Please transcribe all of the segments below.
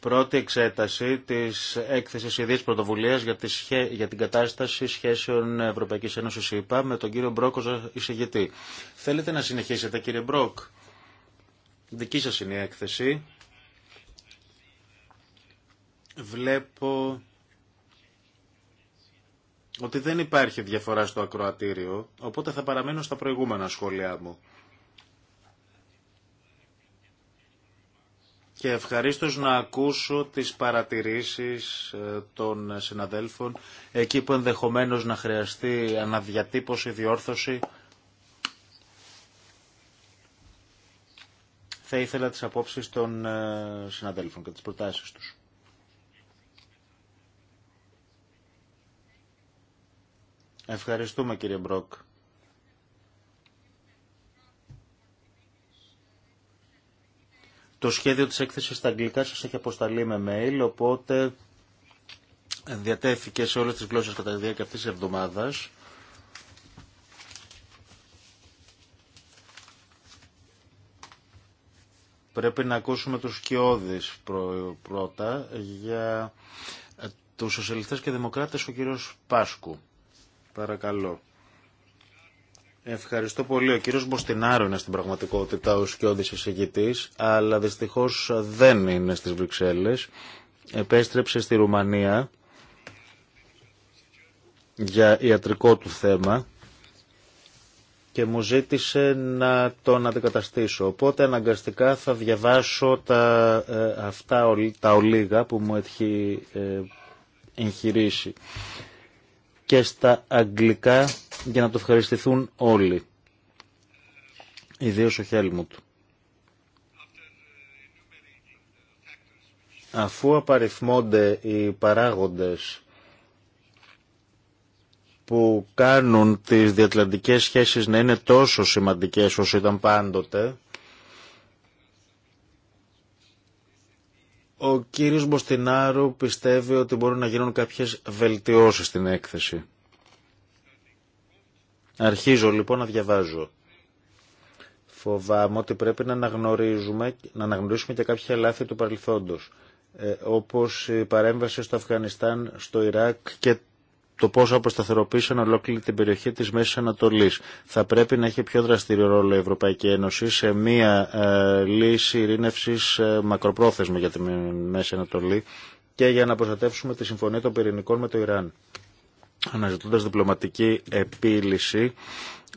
Πρώτη εξέταση τη έκθεση ιδία πρωτοβουλία για, για την κατάσταση σχέσεων Ευρωπαϊκή Ένωση ΕΠΑ με τον κύριο Μπρόκ ω εισηγητή. Θέλετε να συνεχίσετε, κύριε Μπρόκ. Δική σα είναι η έκθεση. Βλέπω ότι δεν υπάρχει διαφορά στο ακροατήριο, οπότε θα παραμένω στα προηγούμενα σχόλιά μου. και ευχαρίστως να ακούσω τις παρατηρήσεις ε, των συναδέλφων εκεί που ενδεχομένως να χρειαστεί αναδιατύπωση, διόρθωση. Θα ήθελα τις απόψεις των ε, συναδέλφων και τις προτάσεις τους. Ευχαριστούμε κύριε Μπρόκ. Το σχέδιο της έκθεσης στα αγγλικά σας έχει αποσταλεί με mail, οπότε διατέθηκε σε όλες τις γλώσσες κατά τη διάρκεια αυτής της εβδομάδας. Πρέπει να ακούσουμε τους σκιώδεις πρώτα για ε, τους σοσιαλιστές και δημοκράτες, ο κύριος Πάσκου. Παρακαλώ. Ευχαριστώ πολύ. Ο κύριος Μποστινάρο είναι στην πραγματικότητα ο σκιώδης εισηγητής, αλλά δυστυχώς δεν είναι στις Βρυξέλλες. Επέστρεψε στη Ρουμανία για ιατρικό του θέμα και μου ζήτησε να τον αντικαταστήσω. Οπότε αναγκαστικά θα διαβάσω τα, ε, αυτά τα ολίγα που μου έχει ε, εγχειρήσει και στα αγγλικά για να το ευχαριστηθούν όλοι. Ιδίως ο Χέλμουτ. Αφού απαριθμώνται οι παράγοντες που κάνουν τις διατλαντικές σχέσεις να είναι τόσο σημαντικές όσο ήταν πάντοτε, Ο κύριος Μποστινάρου πιστεύει ότι μπορούν να γίνουν κάποιες βελτιώσεις στην έκθεση. Αρχίζω λοιπόν να διαβάζω. Φοβάμαι ότι πρέπει να αναγνωρίζουμε, να αναγνωρίσουμε και κάποια λάθη του παρελθόντος, ε, όπως η παρέμβαση στο Αφγανιστάν, στο Ιράκ και το πόσο αποσταθεροποίησαν ολόκληρη την περιοχή της Μέσης Ανατολής. Θα πρέπει να έχει πιο δραστηριό ρόλο η Ευρωπαϊκή Ένωση σε μία ε, λύση ειρήνευσης ε, μακροπρόθεσμη για τη Μέση Ανατολή και για να προστατεύσουμε τη Συμφωνία των Πυρηνικών με το Ιράν αναζητώντας διπλωματική επίλυση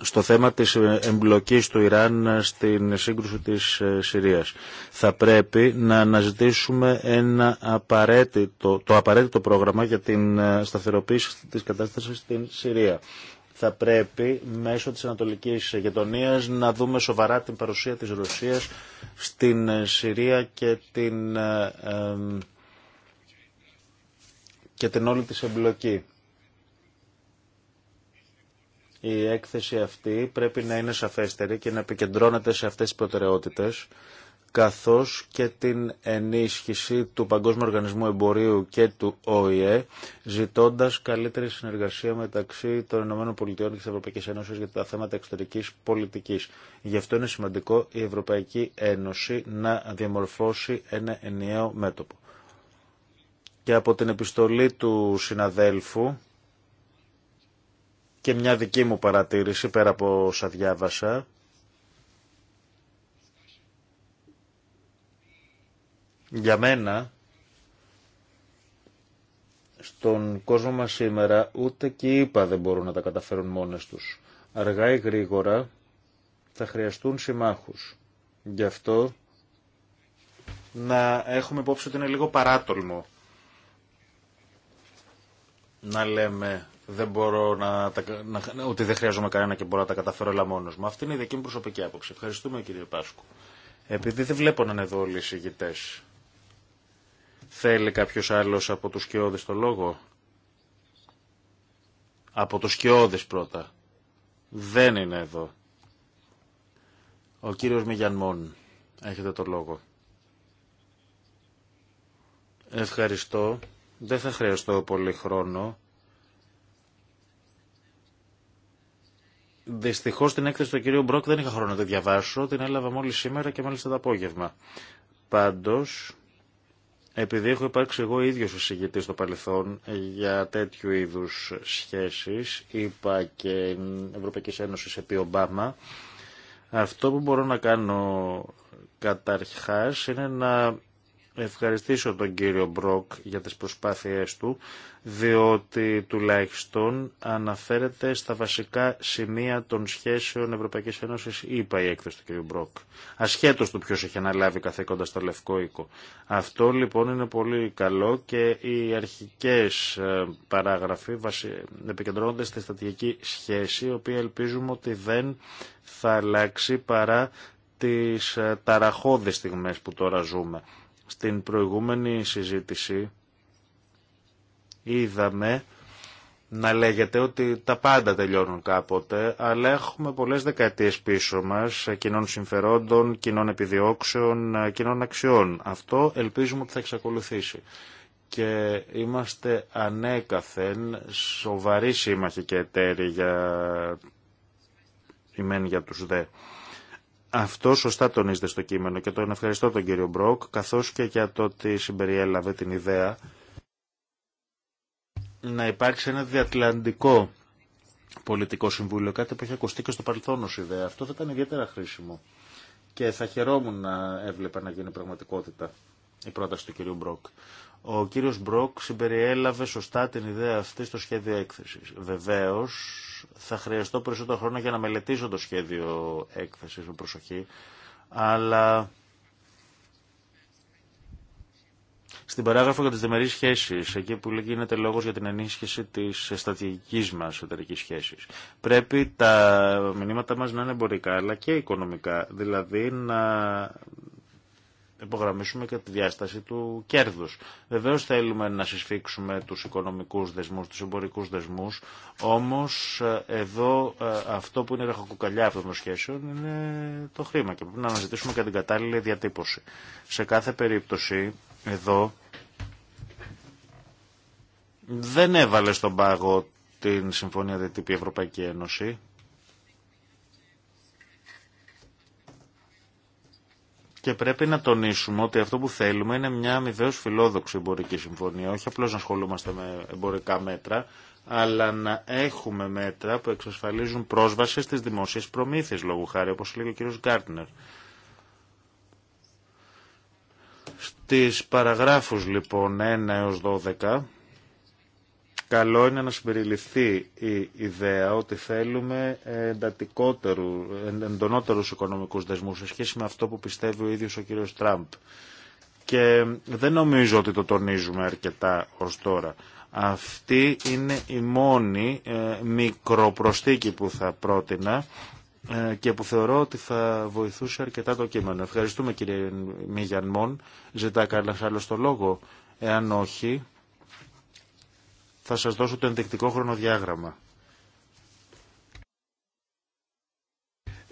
στο θέμα της εμπλοκής του Ιράν στην σύγκρουση της ε, Συρίας. Θα πρέπει να αναζητήσουμε ένα απαραίτητο, το απαραίτητο πρόγραμμα για την ε, σταθεροποίηση της κατάστασης στην Συρία. Θα πρέπει μέσω της ανατολικής Γετονίας να δούμε σοβαρά την παρουσία της Ρωσίας στην ε, Συρία και την, και την όλη της εμπλοκή η έκθεση αυτή πρέπει να είναι σαφέστερη και να επικεντρώνεται σε αυτές τις προτεραιότητες καθώς και την ενίσχυση του Παγκόσμιου Οργανισμού Εμπορίου και του ΟΗΕ, ζητώντας καλύτερη συνεργασία μεταξύ των ΗΠΑ και της Ευρωπαϊκής Ένωσης για τα θέματα εξωτερικής πολιτικής. Γι' αυτό είναι σημαντικό η Ευρωπαϊκή Ένωση να διαμορφώσει ένα ενιαίο μέτωπο. Και από την επιστολή του συναδέλφου, και μια δική μου παρατήρηση πέρα από όσα διάβασα. Για μένα, στον κόσμο μας σήμερα, ούτε και οι ΙΠΑ δεν μπορούν να τα καταφέρουν μόνες τους. Αργά ή γρήγορα θα χρειαστούν συμμάχους. Γι' αυτό να έχουμε υπόψη ότι είναι λίγο παράτολμο να λέμε δεν μπορώ να, να, ότι δεν χρειάζομαι κανένα και μπορώ να τα καταφέρω όλα μόνο μου. Αυτή είναι η δική μου προσωπική άποψη. Ευχαριστούμε κύριε Πάσκου. Επειδή δεν βλέπω να είναι εδώ όλοι οι συγητέ. Θέλει κάποιο άλλο από του σκιώδε το λόγο. Από του σκιώδε πρώτα. Δεν είναι εδώ. Ο κύριος Μιγιανμόν. Έχετε το λόγο. Ευχαριστώ. Δεν θα χρειαστώ πολύ χρόνο. Δυστυχώ την έκθεση του κυρίου Μπρόκ δεν είχα χρόνο να τη διαβάσω. Την έλαβα μόλι σήμερα και μάλιστα το απόγευμα. Πάντω, επειδή έχω υπάρξει εγώ ίδιο εισηγητή στο παρελθόν για τέτοιου είδου σχέσει, είπα και Ευρωπαϊκή Ένωση επί Ομπάμα, αυτό που μπορώ να κάνω καταρχάς είναι να ευχαριστήσω τον κύριο Μπροκ για τις προσπάθειές του, διότι τουλάχιστον αναφέρεται στα βασικά σημεία των σχέσεων Ευρωπαϊκής Ένωσης, είπα η έκθεση του κύριου Μπροκ, ασχέτως του ποιος έχει αναλάβει καθήκοντα στο Λευκό Οίκο. Αυτό λοιπόν είναι πολύ καλό και οι αρχικές ε, παράγραφοι επικεντρώνονται στη στατική σχέση, η οποία ελπίζουμε ότι δεν θα αλλάξει παρά τις ε, ταραχώδες στιγμές που τώρα ζούμε. Στην προηγούμενη συζήτηση είδαμε να λέγεται ότι τα πάντα τελειώνουν κάποτε, αλλά έχουμε πολλές δεκαετίες πίσω μας κοινών συμφερόντων, κοινών επιδιώξεων, κοινών αξιών. Αυτό ελπίζουμε ότι θα εξακολουθήσει. Και είμαστε ανέκαθεν σοβαροί σύμμαχοι και εταίροι για τους δε. Αυτό σωστά τονίζεται στο κείμενο και τον ευχαριστώ τον κύριο Μπροκ, καθώς και για το ότι συμπεριέλαβε την ιδέα να υπάρξει ένα διατλαντικό πολιτικό συμβούλιο, κάτι που έχει ακουστεί και στο παρελθόν ως ιδέα. Αυτό θα ήταν ιδιαίτερα χρήσιμο και θα χαιρόμουν να έβλεπα να γίνει πραγματικότητα η πρόταση του κυρίου Μπροκ. Ο κύριος Μπροκ συμπεριέλαβε σωστά την ιδέα αυτή στο σχέδιο έκθεσης. Βεβαίως, θα χρειαστώ περισσότερο χρόνο για να μελετήσω το σχέδιο έκθεσης με προσοχή, αλλά Στην παράγραφο για τι διμερεί σχέσει, εκεί που γίνεται λόγο για την ενίσχυση τη στρατηγική μα εταιρική σχέση, πρέπει τα μηνύματα μα να είναι εμπορικά αλλά και οικονομικά. Δηλαδή να υπογραμμίσουμε και τη διάσταση του κέρδους. Βεβαίω θέλουμε να συσφίξουμε τους οικονομικούς δεσμούς, τους εμπορικούς δεσμούς, όμως ε, εδώ ε, αυτό που είναι ρεχοκοκαλιά αυτών των σχέσεων είναι το χρήμα και πρέπει να αναζητήσουμε και την κατάλληλη διατύπωση. Σε κάθε περίπτωση εδώ δεν έβαλε στον πάγο την Συμφωνία ΔΕΤΗΠΗ Ευρωπαϊκή Ένωση Και πρέπει να τονίσουμε ότι αυτό που θέλουμε είναι μια αμοιβαίω φιλόδοξη εμπορική συμφωνία. Όχι απλώ να ασχολούμαστε με εμπορικά μέτρα, αλλά να έχουμε μέτρα που εξασφαλίζουν πρόσβαση στι δημόσιε προμήθειες λόγου χάρη, όπω λέει ο κ. Γκάρτνερ. Στι παραγράφου λοιπόν 1 έω 12 καλό είναι να συμπεριληφθεί η ιδέα ότι θέλουμε εντονότερου εντονότερους οικονομικούς δεσμούς σε σχέση με αυτό που πιστεύει ο ίδιος ο κύριος Τραμπ. Και δεν νομίζω ότι το τονίζουμε αρκετά ως τώρα. Αυτή είναι η μόνη ε, μικροπροστίκη που θα πρότεινα ε, και που θεωρώ ότι θα βοηθούσε αρκετά το κείμενο. Ευχαριστούμε κύριε Μιγιανμόν. Ζητά κανένα άλλο το λόγο. Εάν όχι, θα σας δώσω το ενδεικτικό χρονοδιάγραμμα.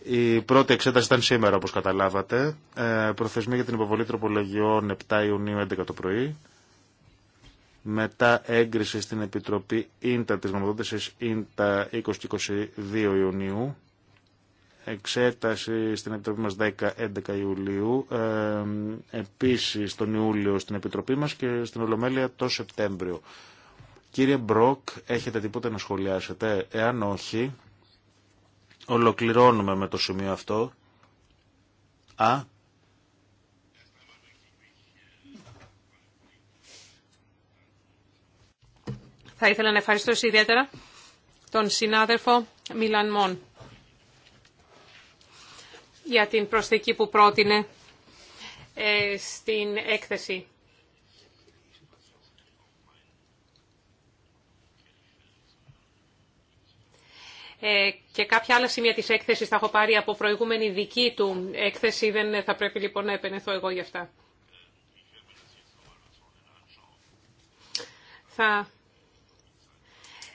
Η πρώτη εξέταση ήταν σήμερα, όπως καταλάβατε. Ε, προθεσμία για την υποβολή τροπολογιών 7 Ιουνίου 11 το πρωί. Μετά έγκριση στην Επιτροπή ΙΝΤΑ της νομοδότησης ΙΝΤΑ 20 22 Ιουνίου. Εξέταση στην Επιτροπή μας 10-11 Ιουλίου. Ε, επίσης τον Ιούλιο στην Επιτροπή μας και στην Ολομέλεια το Σεπτέμβριο. Κύριε Μπροκ, έχετε τίποτα να σχολιάσετε. Εάν όχι, ολοκληρώνουμε με το σημείο αυτό. Α. Θα ήθελα να ευχαριστήσω ιδιαίτερα τον συνάδελφο Μιλαν για την προσθήκη που πρότεινε ε, στην έκθεση. Ε, και κάποια άλλα σημεία της έκθεσης θα έχω πάρει από προηγούμενη δική του έκθεση, δεν θα πρέπει λοιπόν να επενεθώ εγώ γι' αυτά. Θα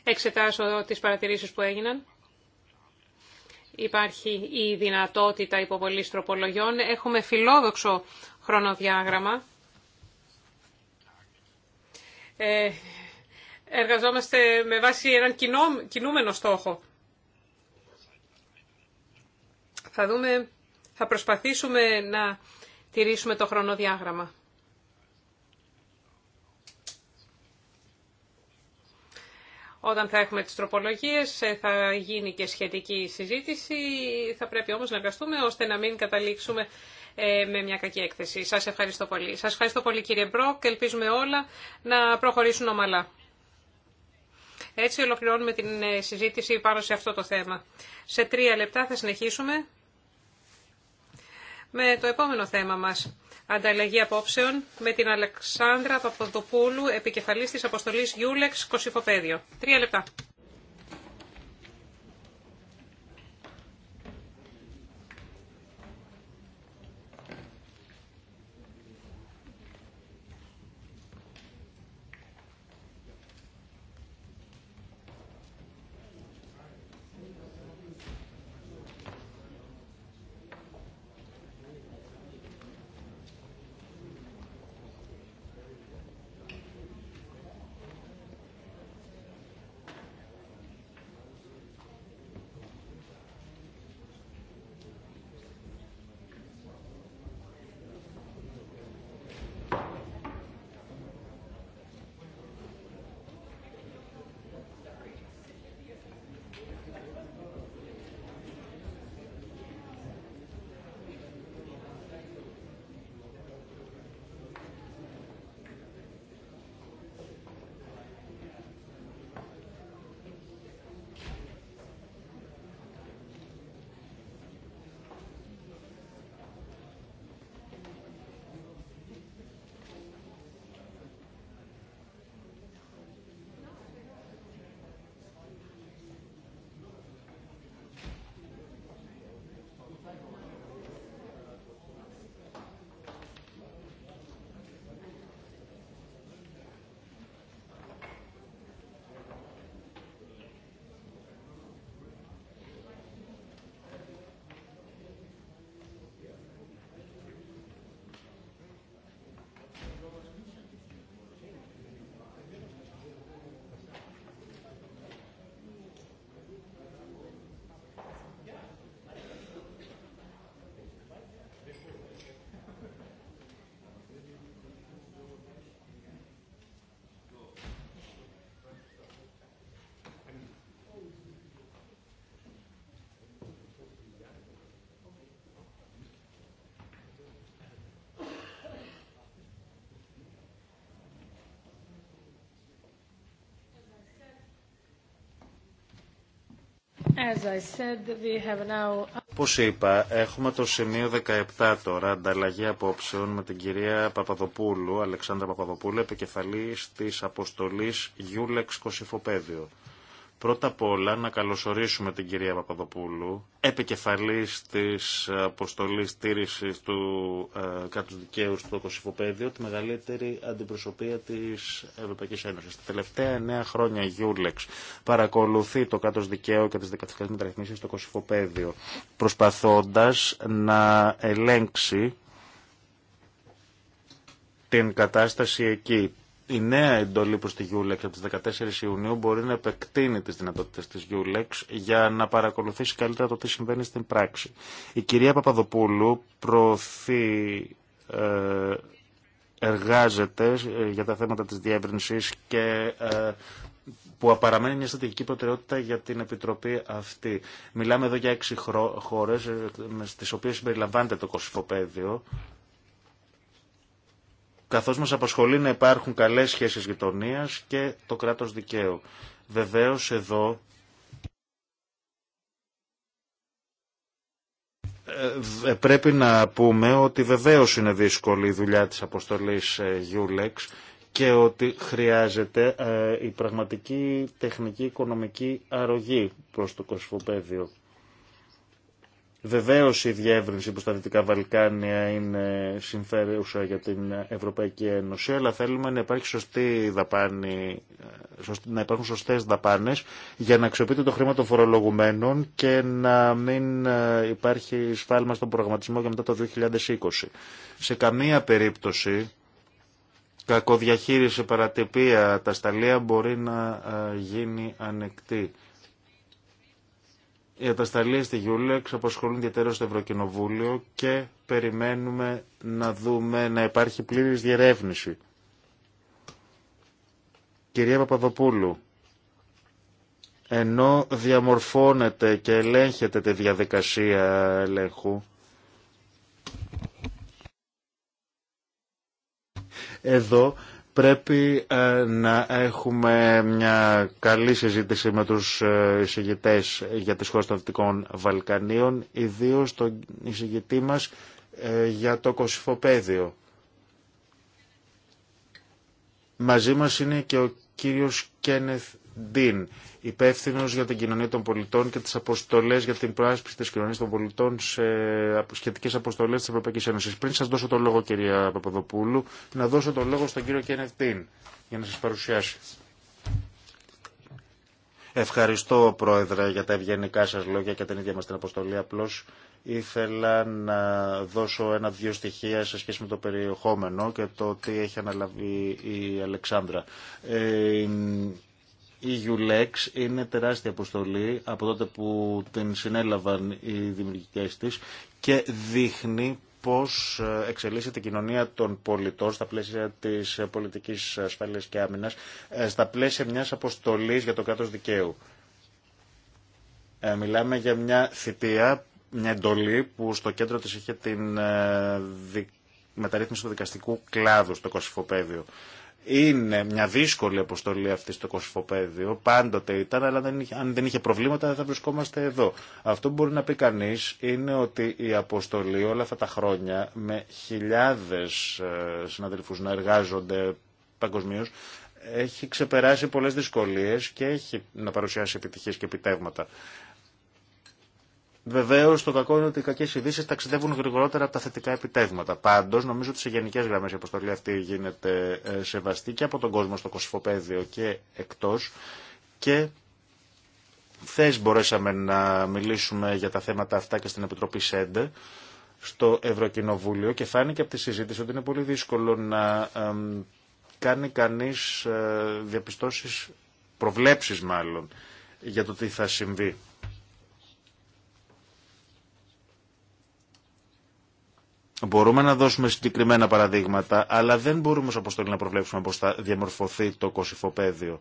εξετάσω τις παρατηρήσεις που έγιναν. Υπάρχει η δυνατότητα υποβολής τροπολογιών. Έχουμε φιλόδοξο χρονοδιάγραμμα. Ε, εργαζόμαστε με βάση έναν κοινό, κινούμενο στόχο. Θα, δούμε, θα προσπαθήσουμε να τηρήσουμε το χρονοδιάγραμμα. Όταν θα έχουμε τις τροπολογίες ε, θα γίνει και σχετική συζήτηση. Θα πρέπει όμως να εργαστούμε ώστε να μην καταλήξουμε ε, με μια κακή έκθεση. Σας ευχαριστώ πολύ. Σας ευχαριστώ πολύ κύριε Μπρόκ. Ελπίζουμε όλα να προχωρήσουν ομαλά. Έτσι ολοκληρώνουμε την ε, συζήτηση πάνω σε αυτό το θέμα. Σε τρία λεπτά θα συνεχίσουμε με το επόμενο θέμα μας. Ανταλλαγή απόψεων με την Αλεξάνδρα Παπαδοπούλου, επικεφαλής της αποστολής Γιούλεξ Κωσυφοπαίδιο. Τρία λεπτά. Όπω είπα, έχουμε το σημείο 17 τώρα, ανταλλαγή απόψεων με την κυρία Παπαδοπούλου, Αλεξάνδρα Παπαδοπούλου, επικεφαλής της αποστολής Γιούλεξ Κωσυφοπέδιο. Πρώτα απ' όλα να καλωσορίσουμε την κυρία Παπαδοπούλου, επικεφαλής της αποστολής στήρησης του ε, δικαίου στο Κωσυφοπέδιο, τη μεγαλύτερη αντιπροσωπεία της Ευρωπαϊκής Ένωσης. Τα τελευταία εννέα χρόνια η Γιούλεξ παρακολουθεί το κάτω δικαίου και τις δικαστικές μεταρρυθμίσεις στο Κωσυφοπαίδιο, προσπαθώντας να ελέγξει την κατάσταση εκεί η νέα εντολή προς τη Γιούλεξ από τις 14 Ιουνίου μπορεί να επεκτείνει τις δυνατότητες της Γιούλεξ για να παρακολουθήσει καλύτερα το τι συμβαίνει στην πράξη. Η κυρία Παπαδοπούλου προωθεί, ε, εργάζεται ε, για τα θέματα της διεύρυνσης και ε, που παραμένει μια στρατηγική προτεραιότητα για την Επιτροπή αυτή. Μιλάμε εδώ για έξι χώρες στις οποίες συμπεριλαμβάνεται το κοσυφοπαίδιο καθώς μας απασχολεί να υπάρχουν καλές σχέσεις γειτονία και το κράτος δικαίου. Βεβαίω εδώ ε, πρέπει να πούμε ότι βεβαίως είναι δύσκολη η δουλειά της αποστολής ε, Γιούλεξ και ότι χρειάζεται ε, η πραγματική τεχνική οικονομική αρρωγή προς το κοσφοπέδιο. Βεβαίω η διεύρυνση προ τα Δυτικά Βαλκάνια είναι συμφέρουσα για την Ευρωπαϊκή Ένωση, αλλά θέλουμε να, υπάρχει να υπάρχουν σωστέ δαπάνε για να αξιοποιείται το χρήμα των φορολογουμένων και να μην ε, υπάρχει σφάλμα στον προγραμματισμό για μετά το 2020. Σε καμία περίπτωση κακοδιαχείριση παρατυπία τα σταλία μπορεί να ε, γίνει ανεκτή. Οι ατασταλίε στη Γιούλεξ απασχολούν ιδιαίτερα στο Ευρωκοινοβούλιο και περιμένουμε να δούμε να υπάρχει πλήρης διερεύνηση. Κυρία Παπαδοπούλου, ενώ διαμορφώνεται και ελέγχεται τη διαδικασία ελέγχου, εδώ Πρέπει ε, να έχουμε μια καλή συζήτηση με τους ε, εισηγητές για τις χώρες των Δυτικών Βαλκανίων, ιδίως τον εισηγητή μας ε, για το κοσυφοπαίδιο. Μαζί μας είναι και ο κύριος Κένεθ Ντίν, υπεύθυνο για την κοινωνία των πολιτών και τι αποστολέ για την προάσπιση τη κοινωνία των πολιτών σε σχετικέ αποστολέ τη Ευρωπαϊκή Ένωση. Πριν σα δώσω το λόγο, κυρία Παπαδοπούλου, να δώσω το λόγο στον κύριο Κένεθ Ντίν για να σα παρουσιάσει. Ευχαριστώ, Πρόεδρε, για τα ευγενικά σα λόγια και την ίδια μα την αποστολή. Απλώ ήθελα να δώσω ένα-δύο στοιχεία σε σχέση με το περιεχόμενο και το τι έχει αναλαβεί η Αλεξάνδρα. Ε, η EULEX είναι τεράστια αποστολή από τότε που την συνέλαβαν οι δημιουργικές της και δείχνει πώς εξελίσσεται η κοινωνία των πολιτών στα πλαίσια της πολιτικής ασφάλειας και άμυνας, ε, στα πλαίσια μιας αποστολής για το κράτος δικαίου. Ε, μιλάμε για μια θητεία, μια εντολή που στο κέντρο της είχε την ε, μεταρρύθμιση του δικαστικού κλάδου στο Κωσυφοπαίδιο. Είναι μια δύσκολη αποστολή αυτή στο Κοσφοπέδιο, πάντοτε ήταν, αλλά δεν είχε, αν δεν είχε προβλήματα δεν θα βρισκόμαστε εδώ. Αυτό που μπορεί να πει κανεί είναι ότι η αποστολή όλα αυτά τα χρόνια με χιλιάδε συναδελφού να εργάζονται παγκοσμίω έχει ξεπεράσει πολλές δυσκολίες και έχει να παρουσιάσει επιτυχίες και επιτεύγματα. Βεβαίω, το κακό είναι ότι οι κακέ ειδήσει ταξιδεύουν γρηγορότερα από τα θετικά επιτεύγματα. Πάντω, νομίζω ότι σε γενικέ γραμμέ η αποστολή αυτή γίνεται ε, σεβαστή και από τον κόσμο στο κοσφοπέδιο και εκτό. Και χθε μπορέσαμε να μιλήσουμε για τα θέματα αυτά και στην Επιτροπή ΣΕΝΤΕ στο Ευρωκοινοβούλιο και φάνηκε από τη συζήτηση ότι είναι πολύ δύσκολο να κάνει κανείς ε, διαπιστώσεις, προβλέψεις μάλλον, για το τι θα συμβεί Μπορούμε να δώσουμε συγκεκριμένα παραδείγματα, αλλά δεν μπορούμε ως αποστολή να προβλέψουμε πώς θα διαμορφωθεί το κοσυφοπαίδιο.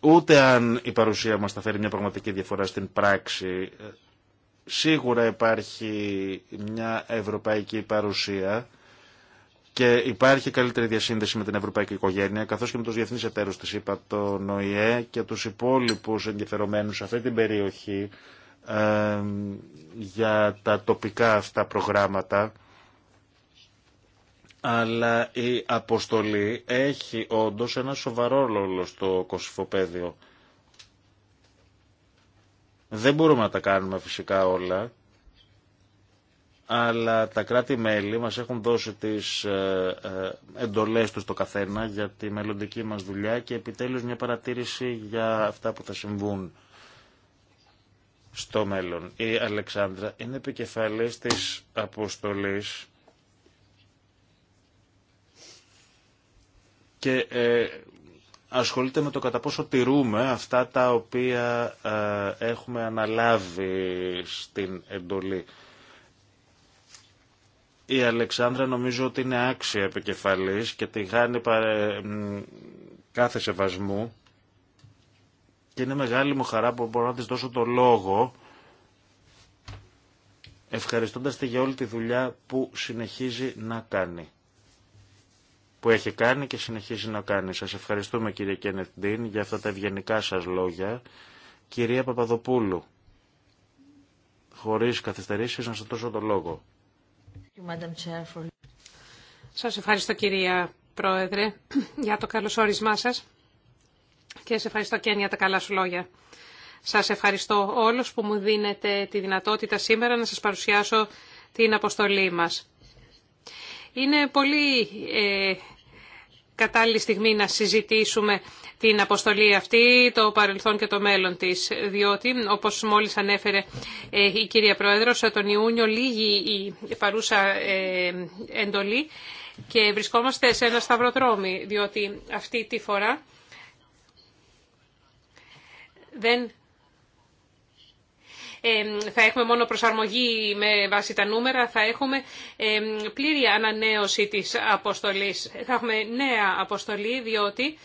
Ούτε αν η παρουσία μας θα φέρει μια πραγματική διαφορά στην πράξη. Σίγουρα υπάρχει μια ευρωπαϊκή παρουσία και υπάρχει καλύτερη διασύνδεση με την ευρωπαϊκή οικογένεια, καθώς και με τους διεθνείς εταίρους της ΕΠΑ, τον ΟΗΕ και τους υπόλοιπους ενδιαφερομένους σε αυτή την περιοχή, για τα τοπικά αυτά προγράμματα αλλά η αποστολή έχει όντως ένα σοβαρό ρόλο στο κοσυφοπαίδιο. Δεν μπορούμε να τα κάνουμε φυσικά όλα, αλλά τα κράτη-μέλη μας έχουν δώσει τις ε, ε, εντολές τους το καθένα για τη μελλοντική μας δουλειά και επιτέλους μια παρατήρηση για αυτά που θα συμβούν στο μέλλον. Η Αλεξάνδρα είναι επικεφαλής της αποστολής και ε, ασχολείται με το κατά πόσο τηρούμε αυτά τα οποία ε, έχουμε αναλάβει στην εντολή. Η Αλεξάνδρα νομίζω ότι είναι άξια επικεφαλής και τη γάνει κάθε σεβασμού και είναι μεγάλη μου χαρά που μπορώ να της δώσω το λόγο ευχαριστώντας τη για όλη τη δουλειά που συνεχίζει να κάνει. Που έχει κάνει και συνεχίζει να κάνει. Σας ευχαριστούμε κύριε Κένετ για αυτά τα ευγενικά σας λόγια. Κυρία Παπαδοπούλου, χωρίς καθυστερήσεις να σας δώσω το λόγο. Σας ευχαριστώ κυρία Πρόεδρε για το καλωσόρισμά σας. Και σε ευχαριστώ και για τα καλά σου λόγια. Σας ευχαριστώ όλους που μου δίνετε τη δυνατότητα σήμερα να σας παρουσιάσω την αποστολή μας. Είναι πολύ ε, κατάλληλη στιγμή να συζητήσουμε την αποστολή αυτή, το παρελθόν και το μέλλον της, διότι, όπως μόλις ανέφερε ε, η κυρία Πρόεδρο, τον Ιούνιο λίγη η παρούσα ε, εντολή και βρισκόμαστε σε ένα σταυροδρόμι, διότι αυτή τη φορά δεν θα έχουμε μόνο προσαρμογή με βάση τα νούμερα, θα έχουμε πλήρη ανανέωση της αποστολής. Θα έχουμε νέα αποστολή, διότι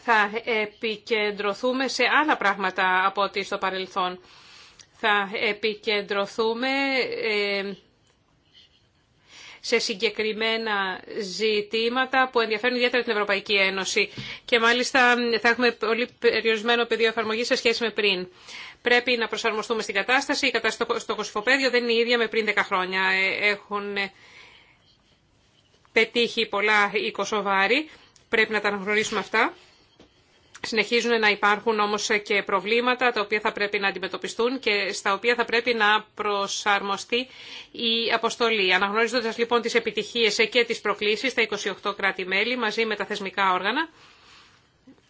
θα επικεντρωθούμε σε άλλα πράγματα από ό,τι στο παρελθόν. Θα επικεντρωθούμε σε συγκεκριμένα ζητήματα που ενδιαφέρουν ιδιαίτερα την Ευρωπαϊκή Ένωση. Και μάλιστα θα έχουμε πολύ περιορισμένο πεδίο εφαρμογή σε σχέση με πριν. Πρέπει να προσαρμοστούμε στην κατάσταση. Η κατάσταση στο κοσυφοπαίδιο δεν είναι η ίδια με πριν 10 χρόνια. Ε, έχουν πετύχει πολλά οι Κωσοβάροι. Πρέπει να τα αναγνωρίσουμε αυτά. Συνεχίζουν να υπάρχουν όμως και προβλήματα τα οποία θα πρέπει να αντιμετωπιστούν και στα οποία θα πρέπει να προσαρμοστεί η αποστολή. Αναγνωρίζοντας λοιπόν τις επιτυχίες και τις προκλήσεις, τα 28 κράτη-μέλη μαζί με τα θεσμικά όργανα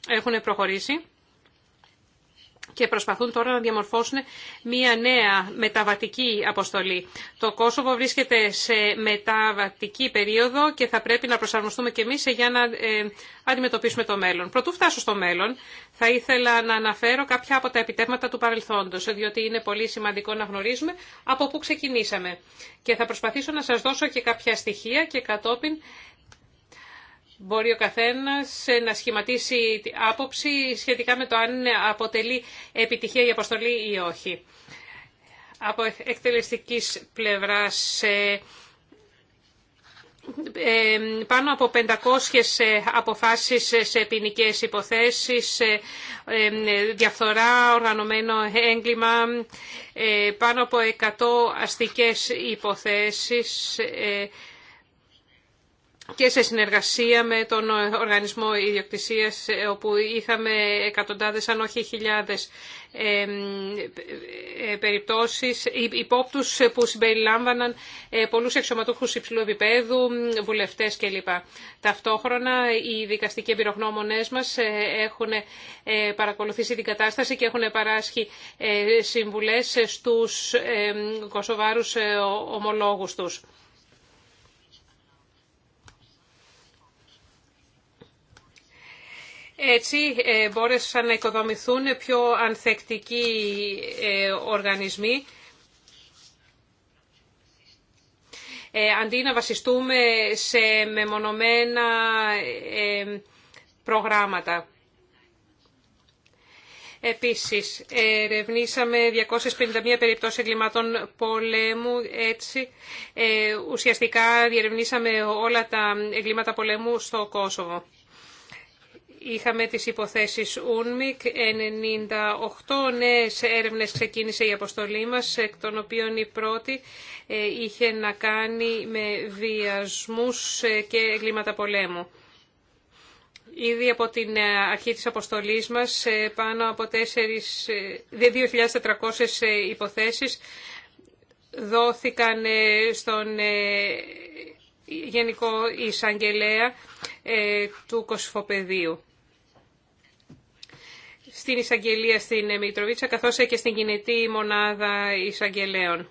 έχουν προχωρήσει και προσπαθούν τώρα να διαμορφώσουν μια νέα μεταβατική αποστολή. Το Κόσοβο βρίσκεται σε μεταβατική περίοδο και θα πρέπει να προσαρμοστούμε και εμείς για να ε, αντιμετωπίσουμε το μέλλον. Πρωτού φτάσω στο μέλλον, θα ήθελα να αναφέρω κάποια από τα επιτεύγματα του παρελθόντος, διότι είναι πολύ σημαντικό να γνωρίζουμε από πού ξεκινήσαμε. Και θα προσπαθήσω να σας δώσω και κάποια στοιχεία και κατόπιν Μπορεί ο καθένας να σχηματίσει άποψη σχετικά με το αν αποτελεί επιτυχία η αποστολή ή όχι. Από εκτελεστικής πλευράς, ε, ε, πάνω από 500 ε, αποφάσεις σε ποινικέ υποθέσεις, διαφθορά, οργανωμένο έγκλημα, πάνω από 100 αστικές υποθέσεις, και σε συνεργασία με τον Οργανισμό Ιδιοκτησίας, όπου είχαμε εκατοντάδες, αν όχι χιλιάδες ε, περιπτώσεις, υπόπτους που συμπεριλάμβαναν ε, πολλούς εξωματούχους υψηλού επίπεδου, βουλευτές κλπ. Ταυτόχρονα, οι δικαστικοί εμπειρογνώμονές μας ε, έχουν παρακολουθήσει την κατάσταση και έχουν παράσχει συμβουλές στους κοσοβάρους ομολόγους τους. Έτσι ε, μπόρεσαν να οικοδομηθούν πιο ανθεκτικοί ε, οργανισμοί ε, αντί να βασιστούμε σε μεμονωμένα προγράμματα. Επίσης, ερευνήσαμε 251 περιπτώσεις εγκλημάτων πολέμου. Έτσι, ουσιαστικά διερευνήσαμε όλα τα εγκλήματα πολέμου στο Κόσοβο. Είχαμε τις υποθέσεις UNMIC, 98 νέες έρευνες ξεκίνησε η αποστολή μας, εκ των οποίων η πρώτη ε, είχε να κάνει με βιασμούς ε, και εγκλήματα πολέμου. Ήδη από την ε, αρχή της αποστολής μας, πάνω από 2.400 υποθέσεις δόθηκαν στον Γενικό Ισαγγελέα του Κοσφοπεδίου στην εισαγγελία στην ε, Μητροβίτσα καθώς και στην κινητή μονάδα εισαγγελέων.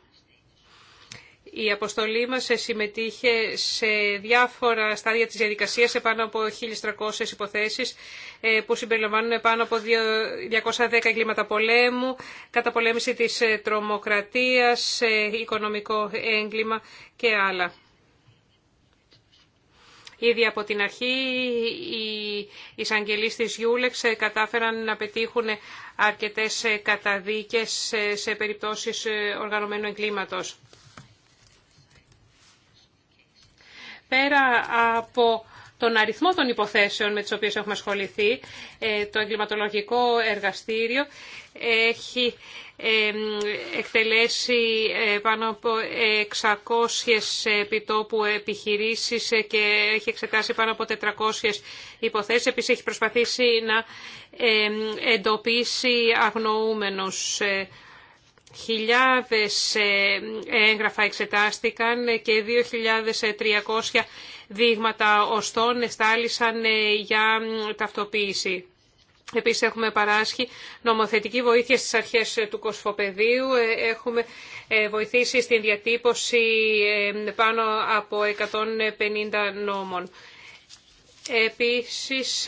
Η αποστολή μας ε, συμμετείχε σε διάφορα στάδια της διαδικασίας σε πάνω από 1.300 υποθέσεις ε, που συμπεριλαμβάνουν πάνω από 210 εγκλήματα πολέμου, καταπολέμηση της τρομοκρατίας, οικονομικό έγκλημα και άλλα. Ήδη από την αρχή οι εισαγγελείς της Γιούλεξ κατάφεραν να πετύχουν αρκετές καταδίκες σε περιπτώσεις ε, οργανωμένου εγκλήματος. Πέρα από τον αριθμό των υποθέσεων με τις οποίες έχουμε ασχοληθεί, ε, το εγκληματολογικό εργαστήριο έχει εκτελέσει ε, πάνω από 600 επιτόπου επιχειρήσεις ε, και έχει εξετάσει πάνω από 400 υποθέσεις. Επίσης έχει προσπαθήσει να εντοπίσει αγνοούμενους ε, Χιλιάδες έγγραφα εξετάστηκαν και 2.300 δείγματα οστών εστάλησαν για ταυτοποίηση. Επίσης έχουμε παράσχει νομοθετική βοήθεια στις αρχές ε, του κοσφοπεδίου. Ε, έχουμε ε, βοηθήσει στην διατύπωση πάνω από 150 νόμων. Επίσης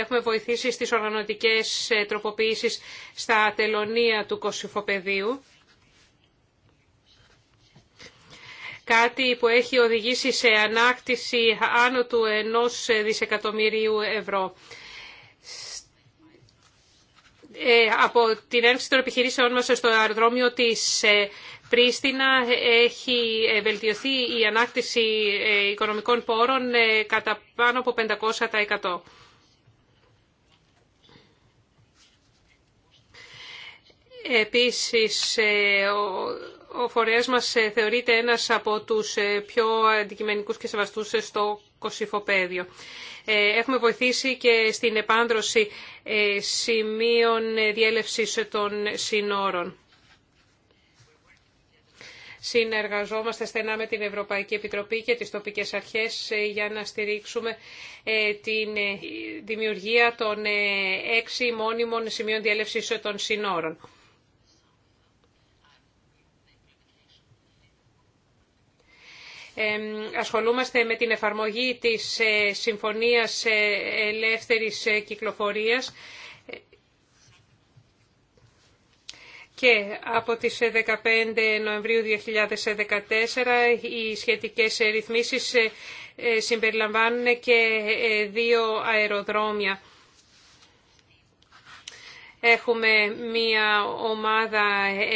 έχουμε βοηθήσει στις οργανωτικές τροποποίησεις στα τελωνία του κοσφοπεδίου. Κάτι που έχει οδηγήσει σε ανάκτηση άνω του 1 δισεκατομμυρίου ευρώ. Ε, από την έναρξη των επιχειρήσεών μας στο αεροδρόμιο της ε, Πρίστινα έχει ε, βελτιωθεί η ανάκτηση οικονομικών πόρων κατά πάνω από 500%. Επίσης, ο φορέας μας θεωρείται ένας από τους πιο αντικειμενικούς και σεβαστούς στο κοσυφοπαίδιο. Ε, έχουμε βοηθήσει και στην επάνδρωση ε, σημείων διέλευσης των συνόρων. Συνεργαζόμαστε στενά με την Ευρωπαϊκή Επιτροπή και τις τοπικές αρχές ε, για να στηρίξουμε την δημιουργία των έξι μόνιμων σημείων διέλευσης των συνόρων. ασχολούμαστε με την εφαρμογή της ε, Συμφωνίας ε, Ελεύθερης ε, Κυκλοφορίας και από τις 15 Νοεμβρίου 2014 οι σχετικές ρυθμίσεις συμπεριλαμβάνουν και δύο αεροδρόμια. Έχουμε μία ομάδα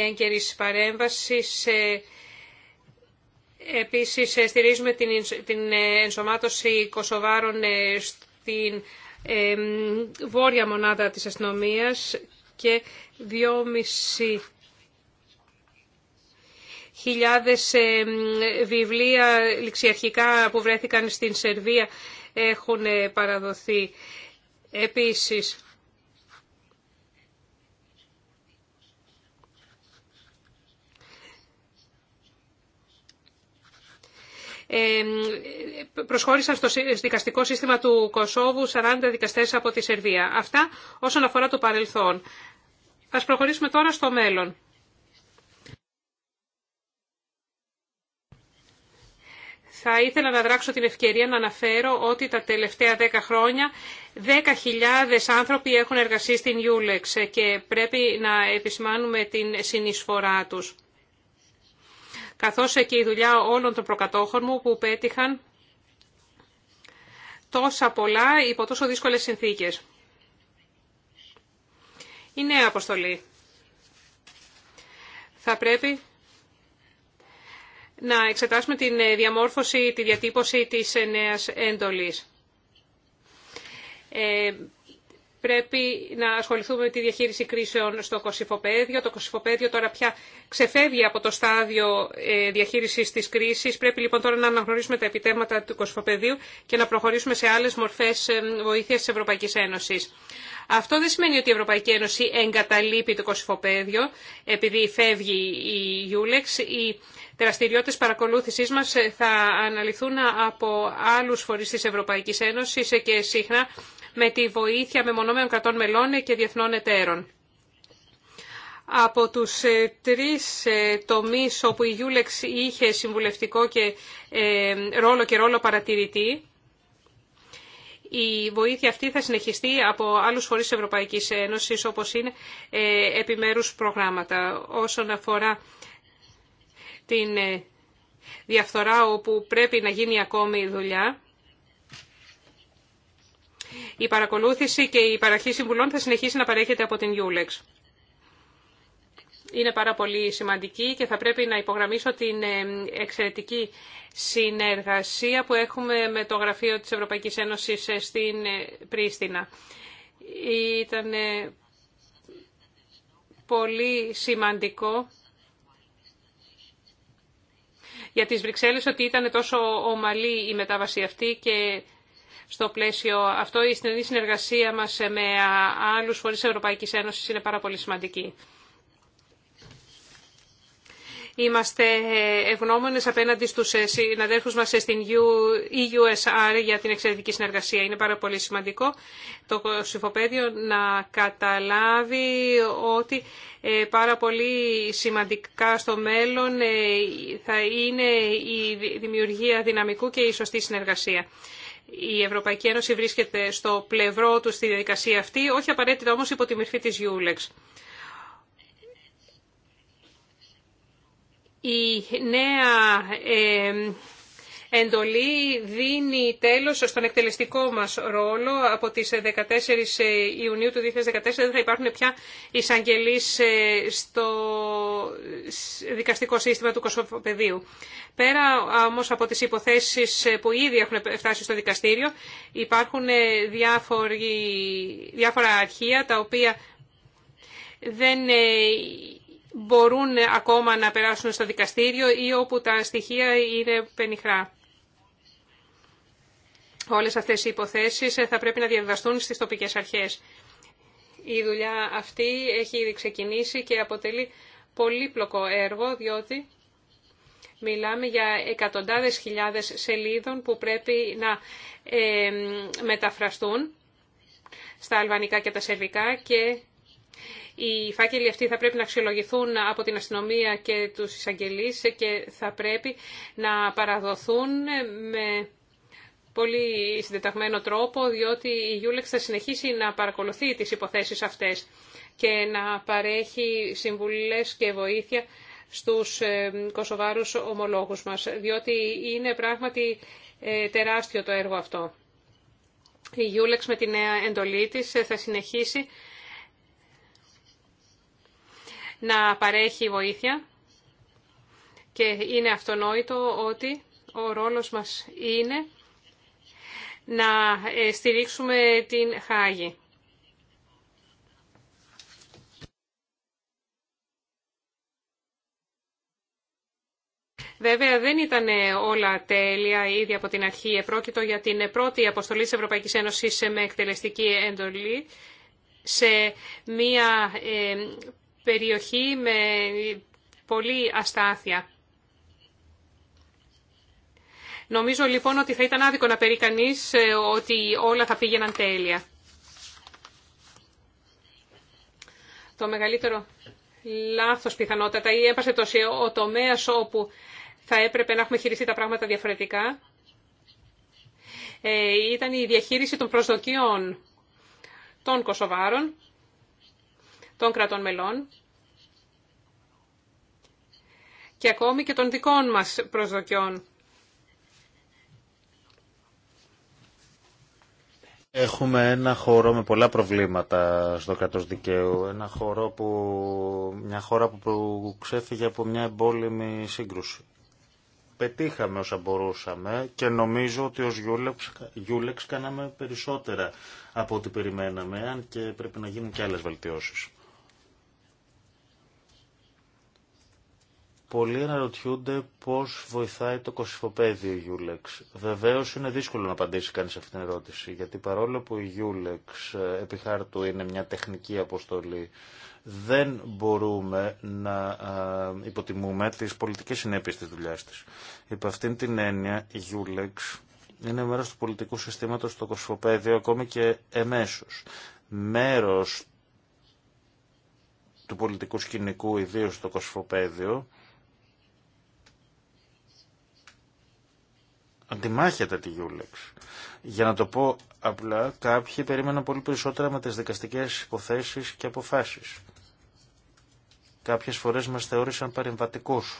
έγκαιρης παρέμβασης Επίσης ε, στηρίζουμε την ε, ενσωμάτωση Κωσοβάρων ε, στην βόρεια μονάδα της αστυνομίας και 2,5 χιλιάδες βιβλία ληξιαρχικά που βρέθηκαν στην Σερβία έχουν παραδοθεί. Επίσης, προσχώρησαν στο δικαστικό σύστημα του Κωσόβου 40 δικαστές από τη Σερβία. Αυτά όσον αφορά το παρελθόν. Ας προχωρήσουμε τώρα στο μέλλον. Θα ήθελα να δράξω την ευκαιρία να αναφέρω ότι τα τελευταία 10 χρόνια 10.000 άνθρωποι έχουν εργαστεί στην Ιούλεξ και πρέπει να επισημάνουμε την συνεισφορά τους καθώς και η δουλειά όλων των προκατόχων μου που πέτυχαν τόσα πολλά υπό τόσο δύσκολες συνθήκες. Η νέα αποστολή θα πρέπει να εξετάσουμε την διαμόρφωση, τη διατύπωση της νέας έντολης. Ε, πρέπει να ασχοληθούμε με τη διαχείριση κρίσεων στο Κωσυφοπαίδιο. Το Κωσυφοπαίδιο τώρα πια ξεφεύγει από το στάδιο ε, διαχείρισης της κρίσης. Πρέπει λοιπόν τώρα να αναγνωρίσουμε τα επιτέματα του Κωσυφοπαίδιου και να προχωρήσουμε σε άλλες μορφές ε, βοήθειας της Ευρωπαϊκής Ένωσης. Αυτό δεν σημαίνει ότι η Ευρωπαϊκή Ένωση εγκαταλείπει το Κωσυφοπαίδιο επειδή φεύγει η Ιούλεξ. Οι δραστηριότητε παρακολούθησής μας ε, θα αναλυθούν από άλλους φορείς της Ευρωπαϊκής Ένωσης και συχνά με τη βοήθεια μεμονωμένων κρατών μελών και διεθνών εταίρων. Από τους ε, τρεις ε, τομείς όπου η Γιούλεξ είχε συμβουλευτικό και, ε, ρόλο και ρόλο παρατηρητή, η βοήθεια αυτή θα συνεχιστεί από άλλους φορείς της Ευρωπαϊκής Ένωσης, όπως είναι επιμέρους προγράμματα. Όσον αφορά την διαφθορά όπου πρέπει να γίνει ακόμη δουλειά, η παρακολούθηση και η παραχή συμβουλών θα συνεχίσει να παρέχεται από την Ιούλεξ. Είναι πάρα πολύ σημαντική και θα πρέπει να υπογραμμίσω την ε, εξαιρετική συνεργασία που έχουμε με το Γραφείο της Ευρωπαϊκής Ένωσης ε, στην ε, Πρίστινα. Ήταν πολύ σημαντικό για τις Βρυξέλλες ότι ήταν τόσο ομαλή η μετάβαση αυτή και στο πλαίσιο αυτό. Η στενή συνεργασία μας με άλλους φορείς Ευρωπαϊκής Ένωσης είναι πάρα πολύ σημαντική. Είμαστε ευγνώμονες απέναντι στους συναδέλφους μας στην EUSR για την εξαιρετική συνεργασία. Είναι πάρα πολύ σημαντικό το ψηφοπαίδιο να καταλάβει ότι ε, πάρα πολύ σημαντικά στο μέλλον ε, θα είναι η δημιουργία δυναμικού και η σωστή συνεργασία η Ευρωπαϊκή Ένωση βρίσκεται στο πλευρό του στη διαδικασία αυτή, όχι απαραίτητα όμως υπό τη μορφή της Ιούλεξ. Η νέα ε, εντολή δίνει τέλος στον εκτελεστικό μας ρόλο. Από τις 14 ε, Ιουνίου του 2014 δεν θα υπάρχουν πια εισαγγελείς ε, στο δικαστικό σύστημα του Κωσοπεδίου. Πέρα όμως από τις υποθέσεις ε, που ήδη έχουν φτάσει στο δικαστήριο, υπάρχουν διάφοροι, διάφορα αρχεία τα οποία δεν μπορούν ακόμα να περάσουν στο δικαστήριο ή όπου τα στοιχεία είναι πενιχρά όλες αυτές οι υποθέσεις ε, θα πρέπει να διαβιβαστούν στις τοπικές αρχές. Η δουλειά αυτή έχει ήδη ξεκινήσει και αποτελεί πολύπλοκο έργο, διότι μιλάμε για εκατοντάδες χιλιάδες σελίδων που πρέπει να ε, μεταφραστούν στα αλβανικά και τα σερβικά και οι φάκελοι αυτοί θα πρέπει να αξιολογηθούν από την αστυνομία και τους εισαγγελείς και θα πρέπει να παραδοθούν με πολύ συντεταγμένο τρόπο, διότι η Γιούλεξ θα συνεχίσει να παρακολουθεί τις υποθέσεις αυτές και να παρέχει συμβουλές και βοήθεια στους ε, Κωσοβάρους ομολόγους μας, διότι είναι πράγματι ε, τεράστιο το έργο αυτό. Η Γιούλεξ με τη νέα εντολή της ε, θα συνεχίσει να παρέχει βοήθεια και είναι αυτονόητο ότι ο ρόλος μας είναι να ε, στηρίξουμε την Χάγη. Βέβαια δεν ήταν ε, όλα τέλεια ήδη από την αρχή. Επρόκειτο για την ε, πρώτη αποστολή της Ευρωπαϊκής Ένωσης με εκτελεστική εντολή σε μια περιοχή με πολύ αστάθεια. Νομίζω λοιπόν ότι θα ήταν άδικο να περί κανείς ε, ότι όλα θα πήγαιναν τέλεια. Το μεγαλύτερο λάθος πιθανότατα ή έπασε το ο τομέας όπου θα έπρεπε να έχουμε χειριστεί τα πράγματα διαφορετικά ε, ήταν η διαχείριση των προσδοκιών των Κωσοβάρων, των κρατών μελών και ακόμη και των δικών μας προσδοκιών. Έχουμε ένα χώρο με πολλά προβλήματα στο κράτος δικαίου. Ένα χώρο που, μια χώρα που ξέφυγε από μια εμπόλεμη σύγκρουση. Πετύχαμε όσα μπορούσαμε και νομίζω ότι ως Γιούλεξ, Γιούλεξ κάναμε περισσότερα από ό,τι περιμέναμε, αν και πρέπει να γίνουν και άλλες βελτιώσεις. Πολλοί αναρωτιούνται πώς βοηθάει το κοσυφοπαίδιο η Ulex. Βεβαίως είναι δύσκολο να απαντήσει κανείς αυτή την ερώτηση, γιατί παρόλο που η Γιούλεξ ε, επί χάρτου είναι μια τεχνική αποστολή, δεν μπορούμε να ε, υποτιμούμε τις πολιτικές συνέπειες τη δουλειά τη. Υπ' αυτήν την έννοια η Ulex είναι μέρος του πολιτικού συστήματο στο κοσυφοπαίδιο ακόμη και εμέσω. Μέρος του πολιτικού σκηνικού, ιδίω στο κοσυφοπαίδιο, αντιμάχεται τη Γιούλεξ. Για να το πω απλά, κάποιοι περίμεναν πολύ περισσότερα με τις δικαστικές υποθέσεις και αποφάσεις. Κάποιες φορές μας θεώρησαν παρεμβατικούς.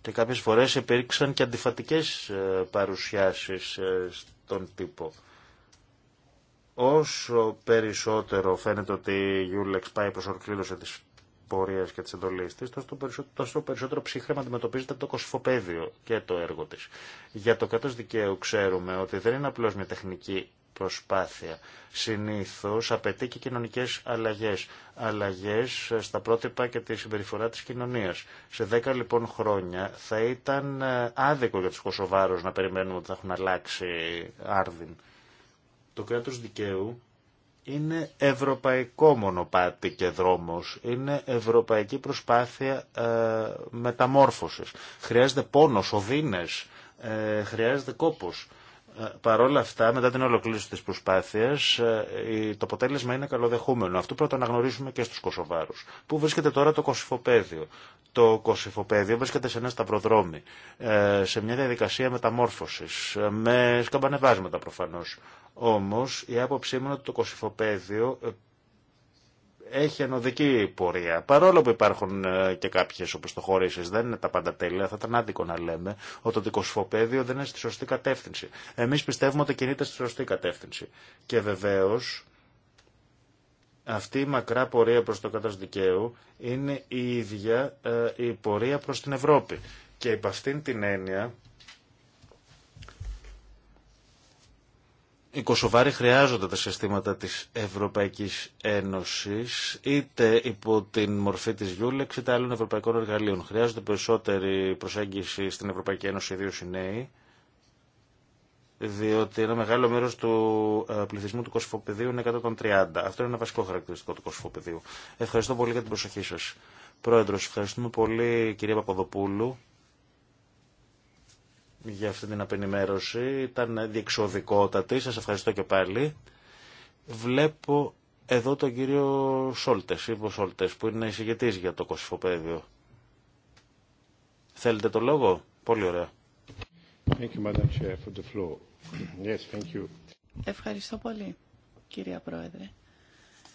Και κάποιες φορές υπήρξαν και αντιφατικές ε, παρουσιάσεις ε, στον τύπο. Όσο περισσότερο φαίνεται ότι η Γιούλεξ πάει προς ορκλήρωση της πορείας και της εντολής της, τόσο περισσότερο, τόσο περισσότερο ψύχρεμα αντιμετωπίζεται το κοσφοπέδιο και το έργο της. Για το κράτος δικαίου ξέρουμε ότι δεν είναι απλώς μια τεχνική προσπάθεια. Συνήθως απαιτεί και κοινωνικές αλλαγές. Αλλαγές στα πρότυπα και τη συμπεριφορά της κοινωνίας. Σε δέκα λοιπόν χρόνια θα ήταν ε, άδικο για τους Κωσοβάρους να περιμένουμε ότι θα έχουν αλλάξει άρδιν. Το κράτος δικαίου είναι ευρωπαϊκό μονοπάτι και δρόμος, είναι ευρωπαϊκή προσπάθεια ε, μεταμόρφωσης. Χρειάζεται πόνος, οδύνες, ε, χρειάζεται κόπος. Ε, παρόλα αυτά, μετά την ολοκλήρωση της προσπάθειας, ε, το αποτέλεσμα είναι καλοδεχούμενο. Αυτό πρέπει να αναγνωρίσουμε και στους Κωσοβάρους. Πού βρίσκεται τώρα το Κωσυφοπαίδιο. Το Κωσυφοπαίδιο βρίσκεται σε ένα σταυροδρόμι, ε, σε μια διαδικασία μεταμόρφωσης, με σκαμπανεβάσματα προφανώς. Όμως, η άποψή μου είναι ότι το Κωσυφοπαίδιο έχει ενωδική πορεία. Παρόλο που υπάρχουν ε, και κάποιες οπισθοχωρήσεις, δεν είναι τα πάντα τέλεια, θα ήταν άδικο να λέμε ότι το δικοσφοπέδιο δεν είναι στη σωστή κατεύθυνση. Εμείς πιστεύουμε ότι κινείται στη σωστή κατεύθυνση. Και βεβαίω αυτή η μακρά πορεία προς το κράτος δικαίου είναι η ίδια ε, η πορεία προς την Ευρώπη. Και υπ' αυτήν την έννοια οι Κωσοβάροι χρειάζονται τα συστήματα της Ευρωπαϊκής Ένωσης είτε υπό την μορφή της Γιούλεξ είτε άλλων ευρωπαϊκών εργαλείων. Χρειάζονται περισσότερη προσέγγιση στην Ευρωπαϊκή Ένωση, ιδίω οι νέοι, διότι ένα μεγάλο μέρος του ε, πληθυσμού του Κωσοφοπεδίου είναι 130. Αυτό είναι ένα βασικό χαρακτηριστικό του Κωσοφοπεδίου. Ευχαριστώ πολύ για την προσοχή σας. Πρόεδρος, ευχαριστούμε πολύ κυρία Παπαδοπούλου για αυτή την απενημέρωση. Ήταν διεξοδικότατη. Σας ευχαριστώ και πάλι. Βλέπω εδώ τον κύριο Σόλτες, ο Σόλτες, που είναι εισηγητής για το κοσυφοπαίδιο. Θέλετε το λόγο? Πολύ ωραία. Thank you, Madam for the floor. Yes, thank you. Ευχαριστώ πολύ, κυρία Πρόεδρε.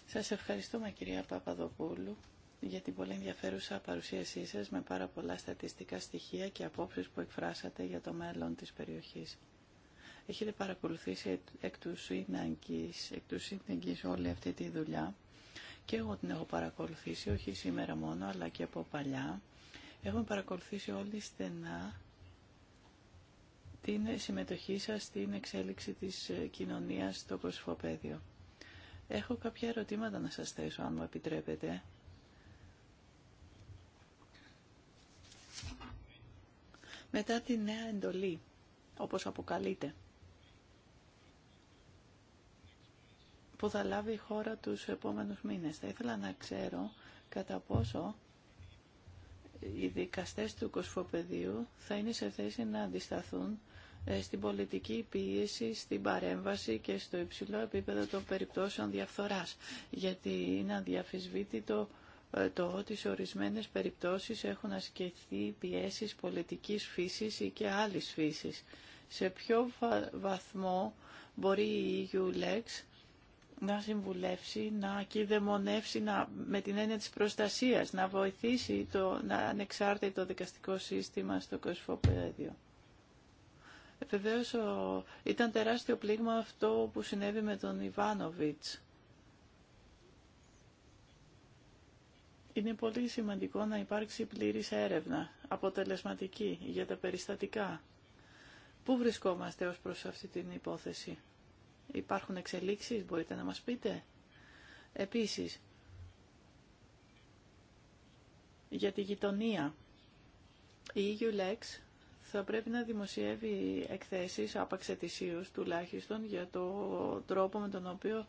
Σας ευχαριστούμε, κυρία Παπαδοπούλου για την πολύ ενδιαφέρουσα παρουσίασή σας με πάρα πολλά στατιστικά στοιχεία και απόψεις που εκφράσατε για το μέλλον της περιοχής. Έχετε παρακολουθήσει εκ του σύνταγκης, εκ του όλη αυτή τη δουλειά και εγώ την έχω παρακολουθήσει, όχι σήμερα μόνο, αλλά και από παλιά. Έχουμε παρακολουθήσει όλοι στενά την συμμετοχή σας στην εξέλιξη της ε, κοινωνίας στο Κοσφοπέδιο. Έχω κάποια ερωτήματα να σας θέσω, αν μου επιτρέπετε. μετά τη νέα εντολή, όπως αποκαλείται, που θα λάβει η χώρα τους επόμενους μήνες. Θα ήθελα να ξέρω κατά πόσο οι δικαστές του κοσφοπεδίου θα είναι σε θέση να αντισταθούν ε, στην πολιτική πίεση, στην παρέμβαση και στο υψηλό επίπεδο των περιπτώσεων διαφθοράς. Γιατί είναι αδιαφυσβήτητο ε, το ότι σε ορισμένες περιπτώσεις έχουν ασκηθεί πιέσεις πολιτικής φύσης ή και άλλης φύσης. Σε ποιο βαθμό μπορεί η EULEX να συμβουλεύσει, να κυδεμονεύσει να, με την έννοια της προστασίας, να βοηθήσει το να ανεξάρτητο δικαστικό σύστημα στο κοσφοπέδιο. Ε, Βεβαίω ήταν τεράστιο πλήγμα αυτό που συνέβη με τον Ιβάνοβιτς Είναι πολύ σημαντικό να υπάρξει πλήρης έρευνα, αποτελεσματική, για τα περιστατικά. Πού βρισκόμαστε ως προς αυτή την υπόθεση. Υπάρχουν εξελίξεις, μπορείτε να μας πείτε. Επίσης, για τη γειτονία, η EULEX θα πρέπει να δημοσιεύει εκθέσεις άπαξ τουλάχιστον για το τρόπο με τον οποίο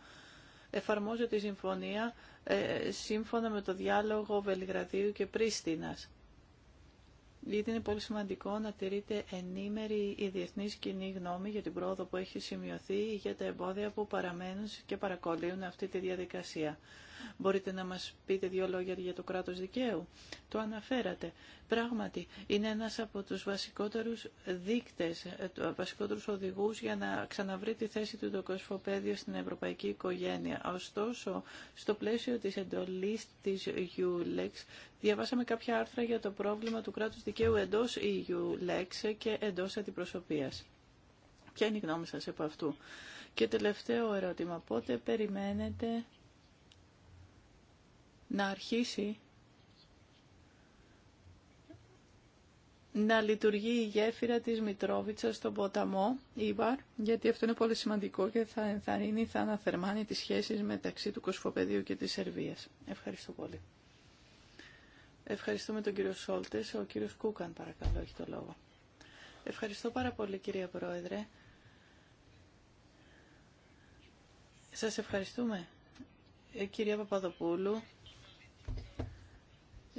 εφαρμόζεται η συμφωνία ε, σύμφωνα με το διάλογο Βελιγραδίου και Πρίστινας. Γιατί είναι πολύ σημαντικό να τηρείται ενήμερη η διεθνή κοινή γνώμη για την πρόοδο που έχει σημειωθεί ή για τα εμπόδια που παραμένουν και παρακολύουν αυτή τη διαδικασία. Μπορείτε να μας πείτε δύο λόγια για το κράτος δικαίου. Το αναφέρατε. Πράγματι, είναι ένας από τους βασικότερους δείκτες, ε, βασικότερους οδηγούς για να ξαναβρει τη θέση του το στην ευρωπαϊκή οικογένεια. Ωστόσο, στο πλαίσιο της εντολής της EULEX, διαβάσαμε κάποια άρθρα για το πρόβλημα του κράτους δικαίου εντός EULEX και εντός αντιπροσωπείας. Ποια είναι η γνώμη σας από αυτού. Και τελευταίο ερώτημα, πότε περιμένετε να αρχίσει να λειτουργεί η γέφυρα της Μητρόβιτσα στον ποταμό Ήβαρ, γιατί αυτό είναι πολύ σημαντικό και θα ενθαρρύνει, θα αναθερμάνει τις σχέσεις μεταξύ του Κοσφοπεδίου και της Σερβίας. Ευχαριστώ πολύ. Ευχαριστούμε τον κύριο Σόλτες. Ο κύριος Κούκαν παρακαλώ έχει το λόγο. Ευχαριστώ πάρα πολύ κυρία Πρόεδρε. Σας ευχαριστούμε. Ε, κυρία Παπαδοπούλου,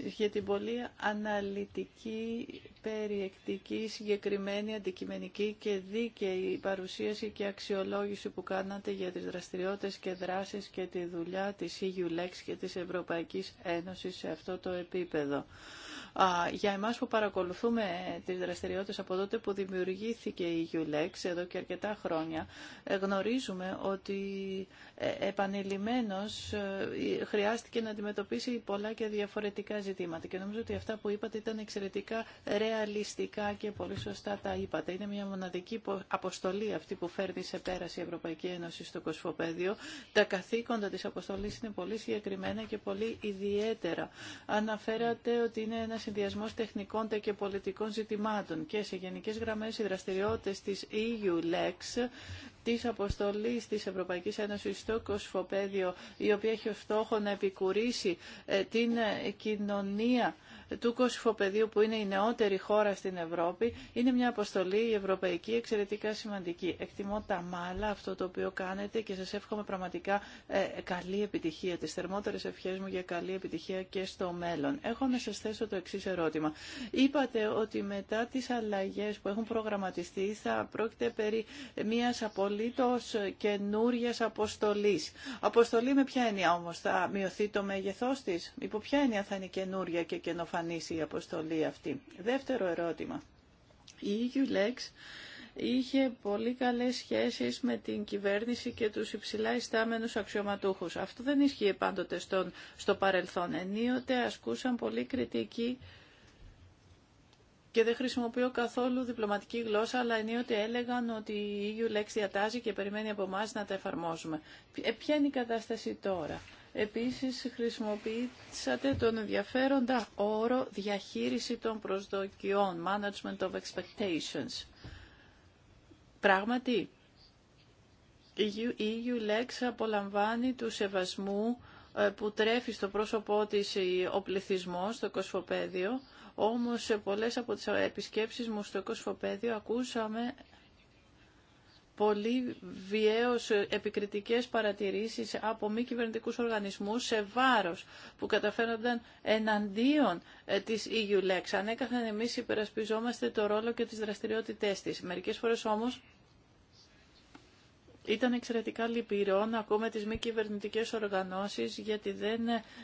για την πολύ αναλυτική, περιεκτική, συγκεκριμένη, αντικειμενική και δίκαιη παρουσίαση και αξιολόγηση που κάνατε για τις δραστηριότητες και δράσεις και τη δουλειά της EULEX και της Ευρωπαϊκής Ένωσης σε αυτό το επίπεδο για εμάς που παρακολουθούμε τις δραστηριότητες από τότε που δημιουργήθηκε η Γιουλέξ εδώ και αρκετά χρόνια, ε, γνωρίζουμε ότι ε, επανειλημμένος ε, χρειάστηκε να αντιμετωπίσει πολλά και διαφορετικά ζητήματα. Και νομίζω ότι αυτά που είπατε ήταν εξαιρετικά ρεαλιστικά και πολύ σωστά τα είπατε. Είναι μια μοναδική αποστολή αυτή που φέρνει σε πέραση η Ευρωπαϊκή Ένωση στο Κοσφοπέδιο. Τα καθήκοντα της αποστολής είναι πολύ συγκεκριμένα και πολύ ιδιαίτερα. Αναφέρατε ότι είναι ένα συνδυασμό τεχνικών και πολιτικών ζητημάτων και σε γενικές γραμμές οι δραστηριότητε της EU-LEX της αποστολής της Ευρωπαϊκής Ένωση στο Κοσφοπέδιο, η οποία έχει ως στόχο να επικουρήσει ε, την ε, κοινωνία του Κωσυφοπεδίου που είναι η νεότερη χώρα στην Ευρώπη είναι μια αποστολή η ευρωπαϊκή εξαιρετικά σημαντική. Εκτιμώ τα μάλα αυτό το οποίο κάνετε και σας εύχομαι πραγματικά ε, καλή επιτυχία, τις θερμότερες ευχές μου για καλή επιτυχία και στο μέλλον. Έχω να σας θέσω το εξής ερώτημα. Είπατε ότι μετά τις αλλαγές που έχουν προγραμματιστεί θα πρόκειται περί μιας απολύτως καινούρια αποστολής. Αποστολή με ποια έννοια όμως θα μειωθεί το μέγεθός της, υπό ποια έννοια θα είναι καινούρια και καινοφανή εμφανίσει η αυτή. Δεύτερο ερώτημα. Η EULEX είχε πολύ καλές σχέσεις με την κυβέρνηση και τους υψηλά ιστάμενους αξιωματούχους. Αυτό δεν ισχύει πάντοτε στον, στο παρελθόν. Ενίοτε ασκούσαν πολύ κριτική και δεν χρησιμοποιώ καθόλου διπλωματική γλώσσα, αλλά ενίοτε έλεγαν ότι η EU διατάζει και περιμένει από εμά να τα εφαρμόζουμε. Ε, ποια είναι η κατάσταση τώρα. Επίσης χρησιμοποιήσατε τον ενδιαφέροντα όρο διαχείριση των προσδοκιών, management of expectations. Πράγματι, η EU-Lex απολαμβάνει του σεβασμού ε, που τρέφει στο πρόσωπό της ο πληθυσμός στο κοσφοπέδιο, όμως σε πολλές από τις επισκέψεις μου στο κοσφοπέδιο ακούσαμε πολύ βιαίως επικριτικές παρατηρήσεις από μη κυβερνητικούς οργανισμούς σε βάρος που καταφέρονταν εναντίον ε, της EULEX. Ανέκαθεν εμείς υπερασπιζόμαστε το ρόλο και τις δραστηριότητές της. Μερικές φορές όμως ήταν εξαιρετικά λυπηρό να ακούμε τις μη κυβερνητικέ οργανώσεις γιατί δεν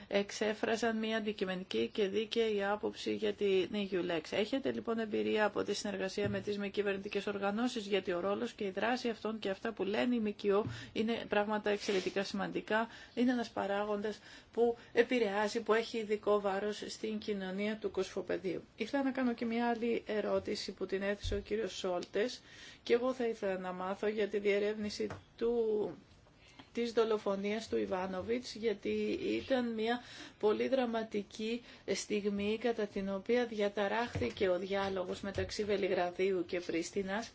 εξέφρασαν μια αντικειμενική και δίκαιη άποψη για την EULEX. Έχετε λοιπόν εμπειρία από τη συνεργασία με τις μη κυβερνητικές οργανώσεις γιατί ο ρόλος και η δράση αυτών και αυτά που λένε οι ΜΚΟ είναι πράγματα εξαιρετικά σημαντικά. Είναι ένας παράγοντας που επηρεάζει, που έχει ειδικό βάρος στην κοινωνία του κοσφοπεδίου. Ήθελα να κάνω και μια άλλη ερώτηση που την έθεσε ο κύριος Σόλτες και εγώ θα ήθελα να μάθω για τη διερεύνηση του της δολοφονίας του Ιβάνοβιτς γιατί ήταν μια πολύ δραματική στιγμή κατά την οποία διαταράχθηκε ο διάλογος μεταξύ Βελιγραδίου και Πρίστινας.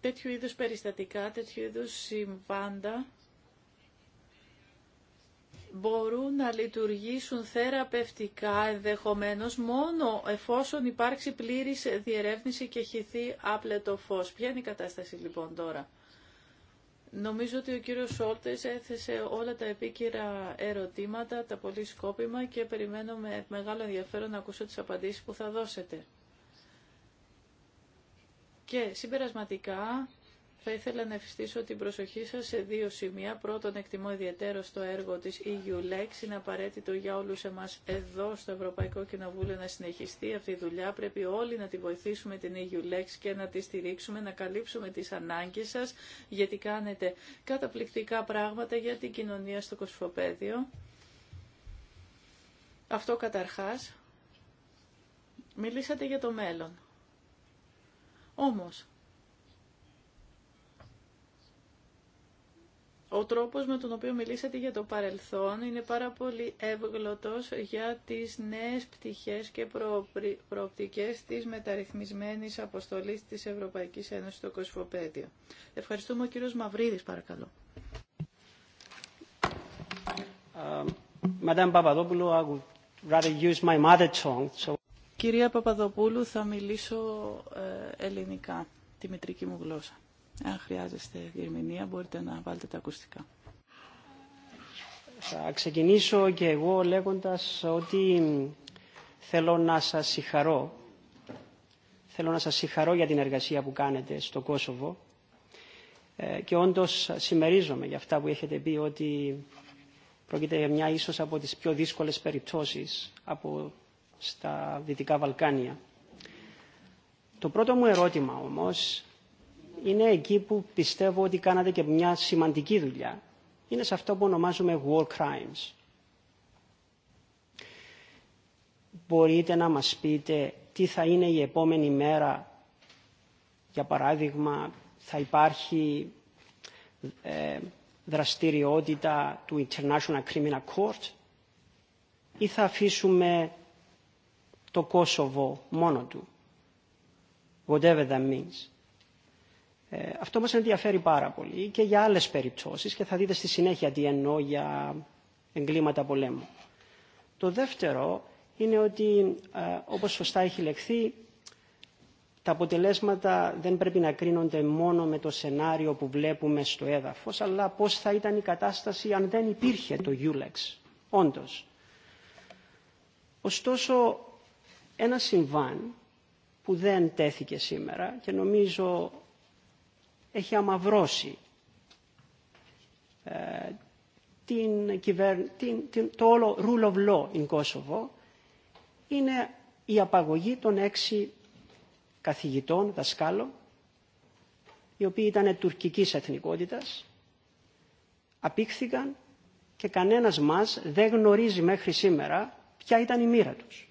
Τέτοιου είδους περιστατικά, τέτοιου είδους συμβάντα μπορούν να λειτουργήσουν θεραπευτικά ενδεχομένως μόνο εφόσον υπάρξει πλήρης διερεύνηση και χυθεί άπλετο φως. Ποια είναι η κατάσταση λοιπόν τώρα. Νομίζω ότι ο κύριος Σόλτες έθεσε όλα τα επίκυρα ερωτήματα, τα πολύ σκόπιμα και περιμένω με μεγάλο ενδιαφέρον να ακούσω τις απαντήσεις που θα δώσετε. Και συμπερασματικά θα ήθελα να ευχηθήσω την προσοχή σας σε δύο σημεία. Πρώτον, εκτιμώ ιδιαίτερο στο έργο της EULEX. Είναι απαραίτητο για όλους εμάς εδώ στο Ευρωπαϊκό Κοινοβούλιο να συνεχιστεί αυτή η δουλειά. Πρέπει όλοι να τη βοηθήσουμε την EULEX και να τη στηρίξουμε, να καλύψουμε τις ανάγκες σας, γιατί κάνετε καταπληκτικά πράγματα για την κοινωνία στο κοσφοπέδιο. Αυτό καταρχάς. Μιλήσατε για το μέλλον. Όμως, Ο τρόπος με τον οποίο μιλήσατε για το παρελθόν είναι πάρα πολύ εύγλωτος για τις νέες πτυχές και προοπτικές της μεταρρυθμισμένης αποστολής της Ευρωπαϊκής Ένωσης στο Κοσφοπέδιο. Ευχαριστούμε ο κύριος Μαυρίδης παρακαλώ. Um, Κυρία Παπαδοπούλου, θα μιλήσω ε, ελληνικά, τη μητρική μου γλώσσα. Αν χρειάζεστε διερμηνία μπορείτε να βάλετε τα ακουστικά. Θα ξεκινήσω και εγώ λέγοντας ότι θέλω να σας συγχαρώ. Θέλω να σας συγχαρώ για την εργασία που κάνετε στο Κόσοβο ε, και όντως συμμερίζομαι για αυτά που έχετε πει ότι πρόκειται για μια ίσως από τις πιο δύσκολες περιπτώσεις από στα Δυτικά Βαλκάνια. Το πρώτο μου ερώτημα όμως είναι εκεί που πιστεύω ότι κάνατε και μια σημαντική δουλειά. Είναι σε αυτό που ονομάζουμε war crimes. Μπορείτε να μας πείτε τι θα είναι η επόμενη μέρα, για παράδειγμα, θα υπάρχει ε, δραστηριότητα του International Criminal Court ή θα αφήσουμε το Κόσοβο μόνο του. Whatever that means. Ε, αυτό μας ενδιαφέρει πάρα πολύ και για άλλες περιπτώσεις και θα δείτε στη συνέχεια τι εννοώ για εγκλήματα πολέμου. Το δεύτερο είναι ότι, ε, όπως σωστά έχει λεχθεί, τα αποτελέσματα δεν πρέπει να κρίνονται μόνο με το σενάριο που βλέπουμε στο έδαφος, αλλά πώς θα ήταν η κατάσταση αν δεν υπήρχε το Ulex, όντως. Ωστόσο, ένα συμβάν που δεν τέθηκε σήμερα και νομίζω έχει αμαυρώσει ε, την, την, το όλο rule of law in Kosovo είναι η απαγωγή των έξι καθηγητών, δασκάλων, οι οποίοι ήταν τουρκικής εθνικότητας, απήχθηκαν και κανένας μας δεν γνωρίζει μέχρι σήμερα ποια ήταν η μοίρα τους.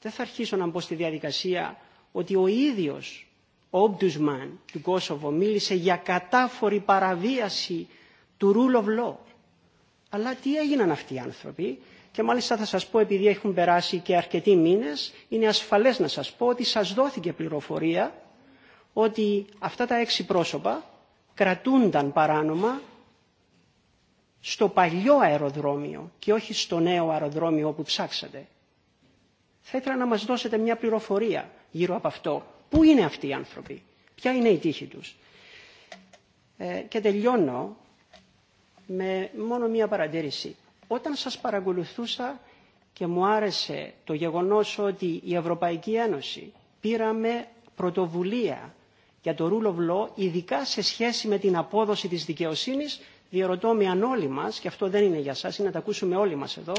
Δεν θα αρχίσω να μπω στη διαδικασία ότι ο ίδιος Ομπτουσμάν του Κόσοβο μίλησε για κατάφορη παραβίαση του rule of law. Αλλά τι έγιναν αυτοί οι άνθρωποι και μάλιστα θα σας πω επειδή έχουν περάσει και αρκετοί μήνες είναι ασφαλές να σας πω ότι σας δόθηκε πληροφορία ότι αυτά τα έξι πρόσωπα κρατούνταν παράνομα στο παλιό αεροδρόμιο και όχι στο νέο αεροδρόμιο όπου ψάξατε. Θα ήθελα να μας δώσετε μια πληροφορία γύρω από αυτό. Πού είναι αυτοί οι άνθρωποι, ποια είναι η τύχη τους. Ε, και τελειώνω με μόνο μία παρατήρηση. Όταν σας παρακολουθούσα και μου άρεσε το γεγονός ότι η Ευρωπαϊκή Ένωση πήραμε πρωτοβουλία για το rule of law, ειδικά σε σχέση με την απόδοση της δικαιοσύνης, διερωτώ με αν όλοι μας, και αυτό δεν είναι για σας, είναι να τα ακούσουμε όλοι μας εδώ,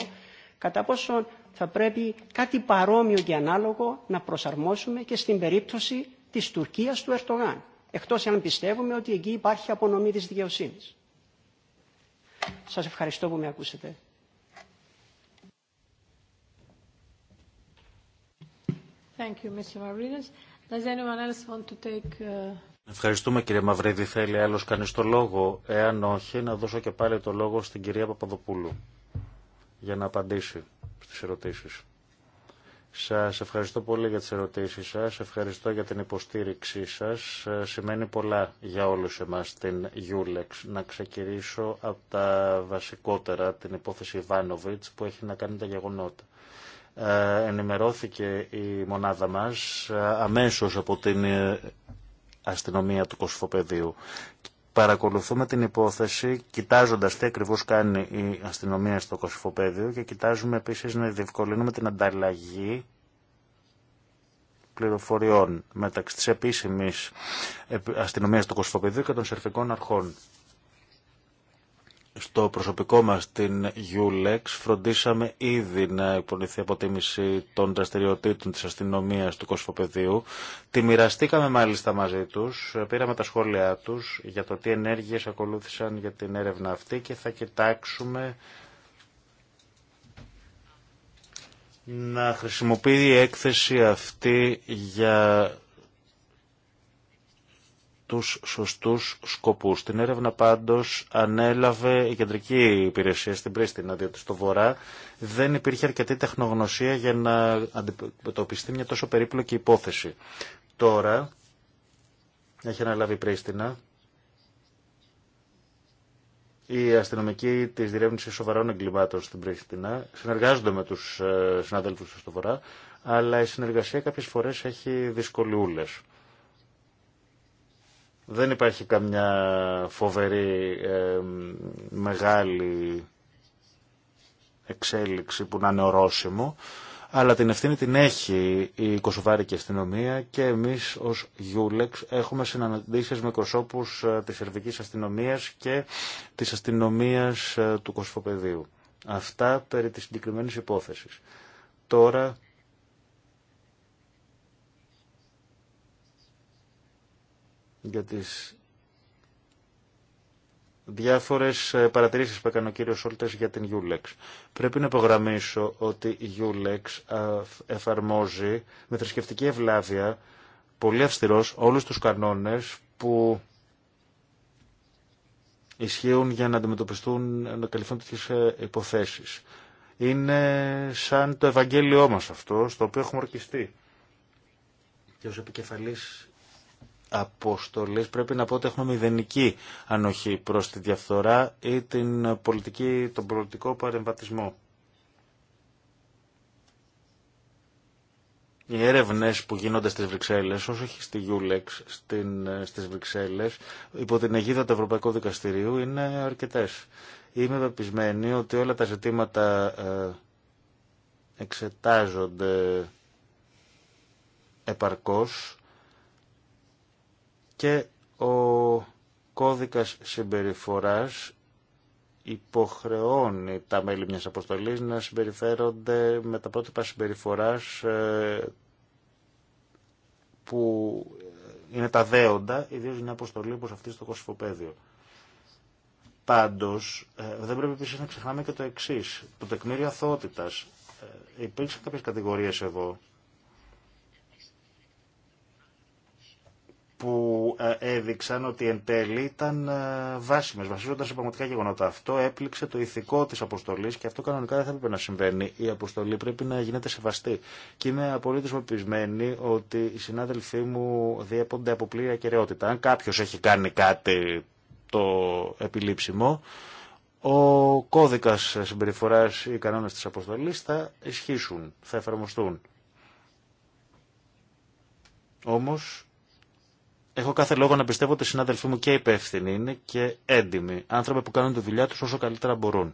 κατά πόσον θα πρέπει κάτι παρόμοιο και ανάλογο να προσαρμόσουμε και στην περίπτωση της Τουρκίας του Ερτογάν, εκτός αν πιστεύουμε ότι εκεί υπάρχει απονομή της δικαιοσύνης. Σας ευχαριστώ που με ακούσετε. Thank you, Mr. Uh, Ευχαριστούμε κύριε Μαυρίδη. Θέλει άλλος κανείς το λόγο. Εάν όχι, να δώσω και πάλι το λόγο στην κυρία Παπαδοπούλου για να απαντήσει στις ερωτήσεις. Σας ευχαριστώ πολύ για τις ερωτήσεις σας, ευχαριστώ για την υποστήριξή σας. Ε, σημαίνει πολλά για όλους εμάς την Γιούλεξ. Να ξεκινήσω από τα βασικότερα, την υπόθεση Βάνοβιτς που έχει να κάνει τα γεγονότα. Ε, ενημερώθηκε η μονάδα μας ε, αμέσως από την αστυνομία του Κοσφοπεδίου παρακολουθούμε την υπόθεση κοιτάζοντας τι ακριβώς κάνει η αστυνομία στο Κωσφοπέδιο και κοιτάζουμε επίσης να διευκολύνουμε την ανταλλαγή πληροφοριών μεταξύ της επίσημης αστυνομίας του κοσυφοπέδιο και των σερφικών αρχών στο προσωπικό μας την Ulex φροντίσαμε ήδη να υπονηθεί αποτίμηση των δραστηριοτήτων της αστυνομίας του Κοσμοπεδίου. Τη μοιραστήκαμε μάλιστα μαζί τους, πήραμε τα σχόλιά τους για το τι ενέργειες ακολούθησαν για την έρευνα αυτή και θα κοιτάξουμε να χρησιμοποιεί η έκθεση αυτή για τους σωστούς σκοπούς. Την έρευνα πάντως ανέλαβε η κεντρική υπηρεσία στην Πρίστινα, διότι στο βορρά δεν υπήρχε αρκετή τεχνογνωσία για να αντιμετωπιστεί μια τόσο περίπλοκη υπόθεση. Τώρα έχει αναλάβει η Πρίστινα οι αστυνομικοί τη διερεύνηση σοβαρών εγκλημάτων στην Πρίστινα συνεργάζονται με του ε, συναδέλφου του στο Βορρά, αλλά η συνεργασία κάποιε φορέ έχει δυσκολιούλε. Δεν υπάρχει καμιά φοβερή μεγάλη εξέλιξη που να είναι ορόσημο, αλλά την ευθύνη την έχει η Κωσοβάρικη αστυνομία και εμείς ως Γιούλεξ έχουμε συναντήσεις με προσώπους ε, της Σερβικής Αστυνομίας και της αστυνομίας ε, του Κοσφοπεδίου. Αυτά περί της συγκεκριμένη υπόθεσης. Τώρα για τις διάφορες ε, παρατηρήσεις που έκανε ο κύριος Σόλτες για την Ιούλεξ. Πρέπει να υπογραμμίσω ότι η Ιούλεξ εφαρμόζει με θρησκευτική ευλάβεια πολύ αυστηρός όλους τους κανόνες που ισχύουν για να αντιμετωπιστούν, να καλυφθούν τέτοιε ε, υποθέσεις. Είναι σαν το Ευαγγέλιό μας αυτό, στο οποίο έχουμε ορκιστεί. Και ως αποστολές πρέπει να πω ότι έχουμε μηδενική ανοχή προς τη διαφθορά ή την πολιτική, τον πολιτικό παρεμβατισμό. Οι έρευνε που γίνονται στι Βρυξέλλε, όσο έχει στη Γιούλεξ, στι Βρυξέλλε, υπό την αιγίδα του Ευρωπαϊκού Δικαστηρίου, είναι αρκετέ. Είμαι πεπισμένη ότι όλα τα ζητήματα ε, εξετάζονται επαρκώς και ο κώδικας συμπεριφοράς υποχρεώνει τα μέλη μιας αποστολής να συμπεριφέρονται με τα πρότυπα συμπεριφοράς ε, που είναι τα δέοντα, ιδίως μια αποστολή όπως αυτή στο Κωσφοπαίδιο. Πάντως, ε, δεν πρέπει επίσης να ξεχνάμε και το εξής, το τεκμήριο αθωότητας. Ε, υπήρξαν κάποιες κατηγορίες εδώ που ε, έδειξαν ότι εν τέλει ήταν ε, βάσιμε. βασίζοντας σε πραγματικά γεγονότα. Αυτό έπληξε το ηθικό τη αποστολή και αυτό κανονικά δεν θα έπρεπε να συμβαίνει. Η αποστολή πρέπει να γίνεται σεβαστή. Και είμαι απολύτως πεπισμένη ότι οι συνάδελφοί μου διέπονται από πλήρη ακαιρεότητα. Αν κάποιο έχει κάνει κάτι το επιλήψιμο, ο κώδικας συμπεριφορά ή οι κανόνες της αποστολή θα ισχύσουν, θα εφαρμοστούν. Όμως Έχω κάθε λόγο να πιστεύω ότι οι συνάδελφοί μου και υπεύθυνοι είναι και έντιμοι. Άνθρωποι που κάνουν τη δουλειά τους όσο καλύτερα μπορούν.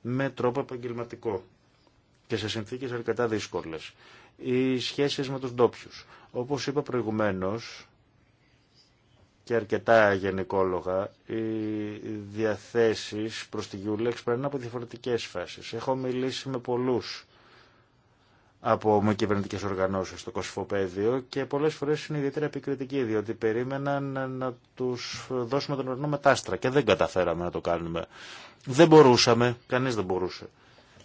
Με τρόπο επαγγελματικό και σε συνθήκες αρκετά δύσκολες. Οι σχέσεις με τους ντόπιου. Όπως είπα προηγουμένως και αρκετά γενικόλογα, οι διαθέσεις προς τη Γιούλεξ περνάνε από διαφορετικές φάσεις. Έχω μιλήσει με πολλούς από μη κυβερνητικέ οργανώσει στο κοσφοπέδιο και πολλέ φορέ είναι ιδιαίτερα επικριτικοί, διότι περίμεναν να του δώσουμε τον ουρανό μετάστρα και δεν καταφέραμε να το κάνουμε. Δεν μπορούσαμε, κανεί δεν μπορούσε.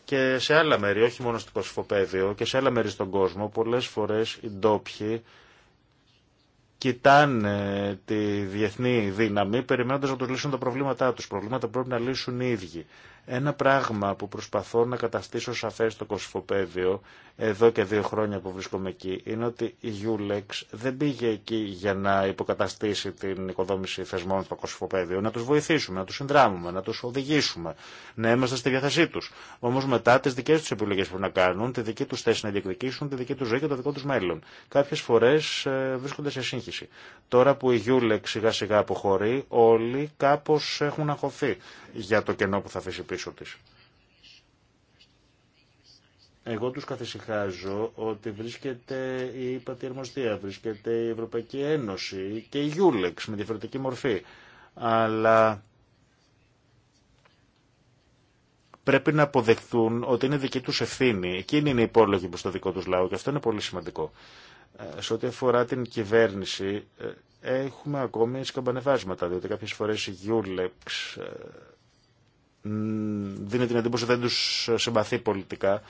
Και σε άλλα μέρη, όχι μόνο στο κοσφοπέδιο, και σε άλλα μέρη στον κόσμο, πολλέ φορέ οι ντόπιοι κοιτάνε τη διεθνή δύναμη περιμένοντα να του λύσουν τα προβλήματά του. προβλήματα που πρέπει να λύσουν οι ίδιοι. Ένα πράγμα που προσπαθώ να καταστήσω σαφέ στο Κοσφοπέδιο, εδώ και δύο χρόνια που βρίσκομαι εκεί, είναι ότι η Ulex δεν πήγε εκεί για να υποκαταστήσει την οικοδόμηση θεσμών στο Κοσφοπέδιο, να του βοηθήσουμε, να του συνδράμουμε, να του οδηγήσουμε, να είμαστε στη διάθεσή του. Όμω μετά τι δικέ του επιλογέ που να κάνουν, τη δική του θέση να διεκδικήσουν, τη δική του ζωή και το δικό του μέλλον. Κάποιες φορές ε, βρίσκονται σε σύγχυση. Τώρα που η Ulex σιγά σιγά αποχωρεί, όλοι κάπω έχουν αγχωθεί για το κενό που θα αφήσει πίσω Εγώ τους καθησυχάζω ότι βρίσκεται η Πατιαρμοστία, βρίσκεται η Ευρωπαϊκή Ένωση και η Γιούλεξ με διαφορετική μορφή. Αλλά πρέπει να αποδεχθούν ότι είναι δική τους ευθύνη. Εκείνη είναι η υπόλογη προς το δικό τους λαό και αυτό είναι πολύ σημαντικό. Ε, σε ό,τι αφορά την κυβέρνηση, ε, έχουμε ακόμη σκαμπανεβάσματα, διότι κάποιες φορές η Γιούλεξ ε, δίνει την εντύπωση δεν τους συμπαθεί πολιτικά.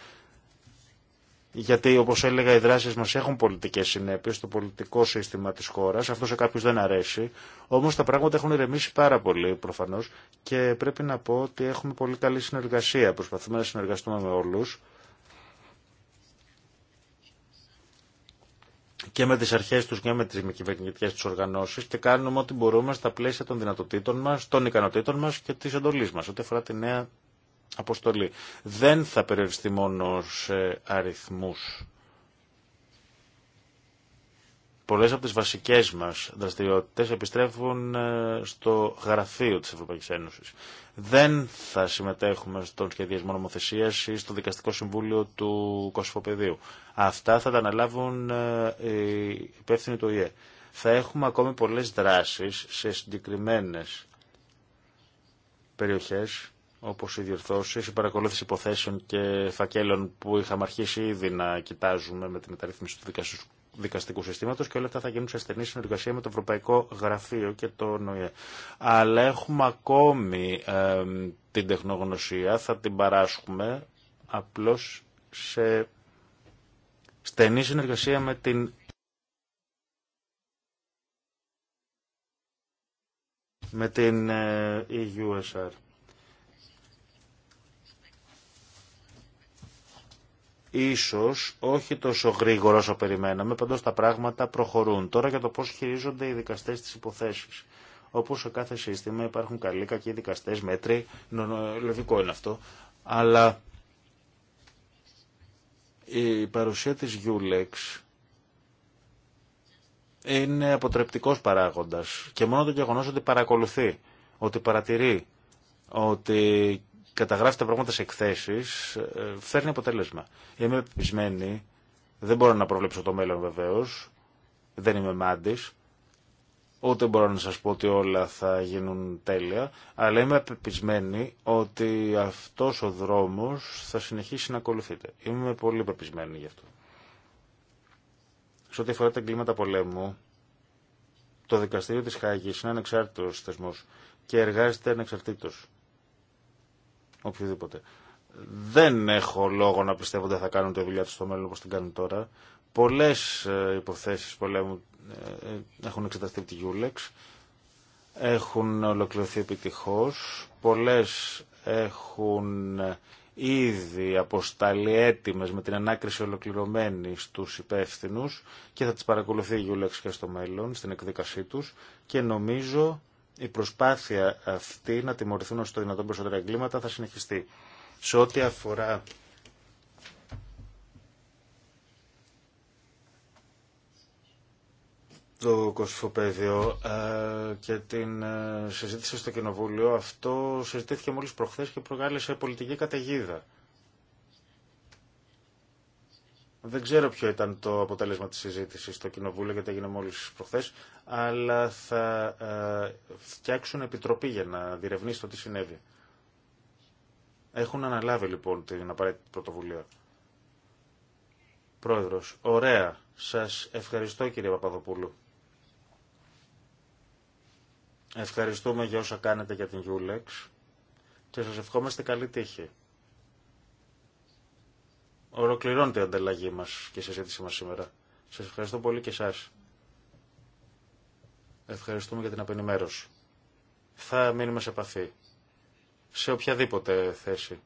Γιατί, όπως έλεγα, οι δράσεις μας έχουν πολιτικές συνέπειες στο πολιτικό σύστημα της χώρας. Αυτό σε κάποιους δεν αρέσει. Όμως τα πράγματα έχουν ηρεμήσει πάρα πολύ, προφανώς. Και πρέπει να πω ότι έχουμε πολύ καλή συνεργασία. Προσπαθούμε να συνεργαστούμε με όλους. και με τις αρχές τους και με τις κυβερνητικέ τους οργανώσεις και κάνουμε ό,τι μπορούμε στα πλαίσια των δυνατοτήτων μας, των ικανοτήτων μας και της εντολής μας, ό,τι αφορά τη νέα αποστολή. Δεν θα περιοριστεί μόνο σε αριθμούς πολλές από τις βασικές μας δραστηριότητες επιστρέφουν ε, στο γραφείο της Ευρωπαϊκής Ένωσης. Δεν θα συμμετέχουμε στον σχεδιασμό νομοθεσία ή στο Δικαστικό Συμβούλιο του Κωσφοπεδίου. Αυτά θα τα αναλάβουν ε, οι υπεύθυνοι του ΙΕ. Θα έχουμε ακόμη πολλές δράσεις σε συγκεκριμένες περιοχές όπως οι διορθώσεις, η παρακολούθηση υποθέσεων και φακέλων που είχαμε αρχίσει ήδη να κοιτάζουμε με τη μεταρρύθμιση του δικαστικού συστήματος και όλα αυτά θα γίνουν σε στενή συνεργασία με το Ευρωπαϊκό Γραφείο και το ΝΟΕ. Αλλά έχουμε ακόμη την τεχνογνωσία, θα την παράσχουμε απλώς σε στενή συνεργασία με την με την EUSR. Ε, Ίσως όχι τόσο γρήγορα όσο περιμέναμε, πάντως τα πράγματα προχωρούν. Τώρα για το πώς χειρίζονται οι δικαστές τις υποθέσεις. Όπως σε κάθε σύστημα υπάρχουν καλοί, κακοί δικαστές, μέτρη, λογικό είναι αυτό. Αλλά η παρουσία της Γιούλεξ είναι αποτρεπτικός παράγοντας και μόνο το γεγονός ότι παρακολουθεί, ότι παρατηρεί, ότι καταγράφει τα πράγματα σε ε, φέρνει αποτέλεσμα. Είμαι πεπισμένη, δεν μπορώ να προβλέψω το μέλλον βεβαίω, δεν είμαι μάντης, ούτε μπορώ να σας πω ότι όλα θα γίνουν τέλεια, αλλά είμαι πεπισμένη ότι αυτός ο δρόμος θα συνεχίσει να ακολουθείται. Είμαι πολύ πεπισμένη γι' αυτό. Σε ό,τι αφορά τα εγκλήματα πολέμου, το δικαστήριο της Χάγης είναι ανεξάρτητος θεσμός και εργάζεται ανεξαρτήτως οποιοδήποτε. Δεν έχω λόγο να πιστεύω ότι θα κάνουν τη δουλειά του στο μέλλον όπω την κάνουν τώρα. Πολλέ ε, υποθέσει πολέμου ε, ε, έχουν εξεταστεί από τη Γιούλεξ. Έχουν ολοκληρωθεί επιτυχώ. Πολλέ έχουν ήδη αποσταλεί έτοιμε με την ανάκριση ολοκληρωμένη στου υπεύθυνου και θα τι παρακολουθεί η Γιούλεξ και στο μέλλον στην εκδίκασή του και νομίζω η προσπάθεια αυτή να τιμωρηθούν ω το δυνατόν περισσότερα εγκλήματα θα συνεχιστεί. Σε ό,τι αφορά το κοσφοπέδιο ε, και την ε, συζήτηση στο Κοινοβούλιο, αυτό συζητήθηκε μόλις προχθές και προκάλεσε πολιτική καταιγίδα. Δεν ξέρω ποιο ήταν το αποτέλεσμα της συζήτησης στο Κοινοβούλιο, γιατί έγινε μόλις προχθές, αλλά θα ε, φτιάξουν επιτροπή για να διερευνήσει το τι συνέβη. Έχουν αναλάβει λοιπόν την απαραίτητη πρωτοβουλία. Πρόεδρος, ωραία. Σας ευχαριστώ κύριε Παπαδοπούλου. Ευχαριστούμε για όσα κάνετε για την Γιούλεξ και σας ευχόμαστε καλή τύχη. Ολοκληρώνεται η ανταλλαγή μα και η συζήτησή μα σήμερα. Σα ευχαριστώ πολύ και εσά. Ευχαριστούμε για την απενημέρωση. Θα μείνουμε σε επαφή. Σε οποιαδήποτε θέση.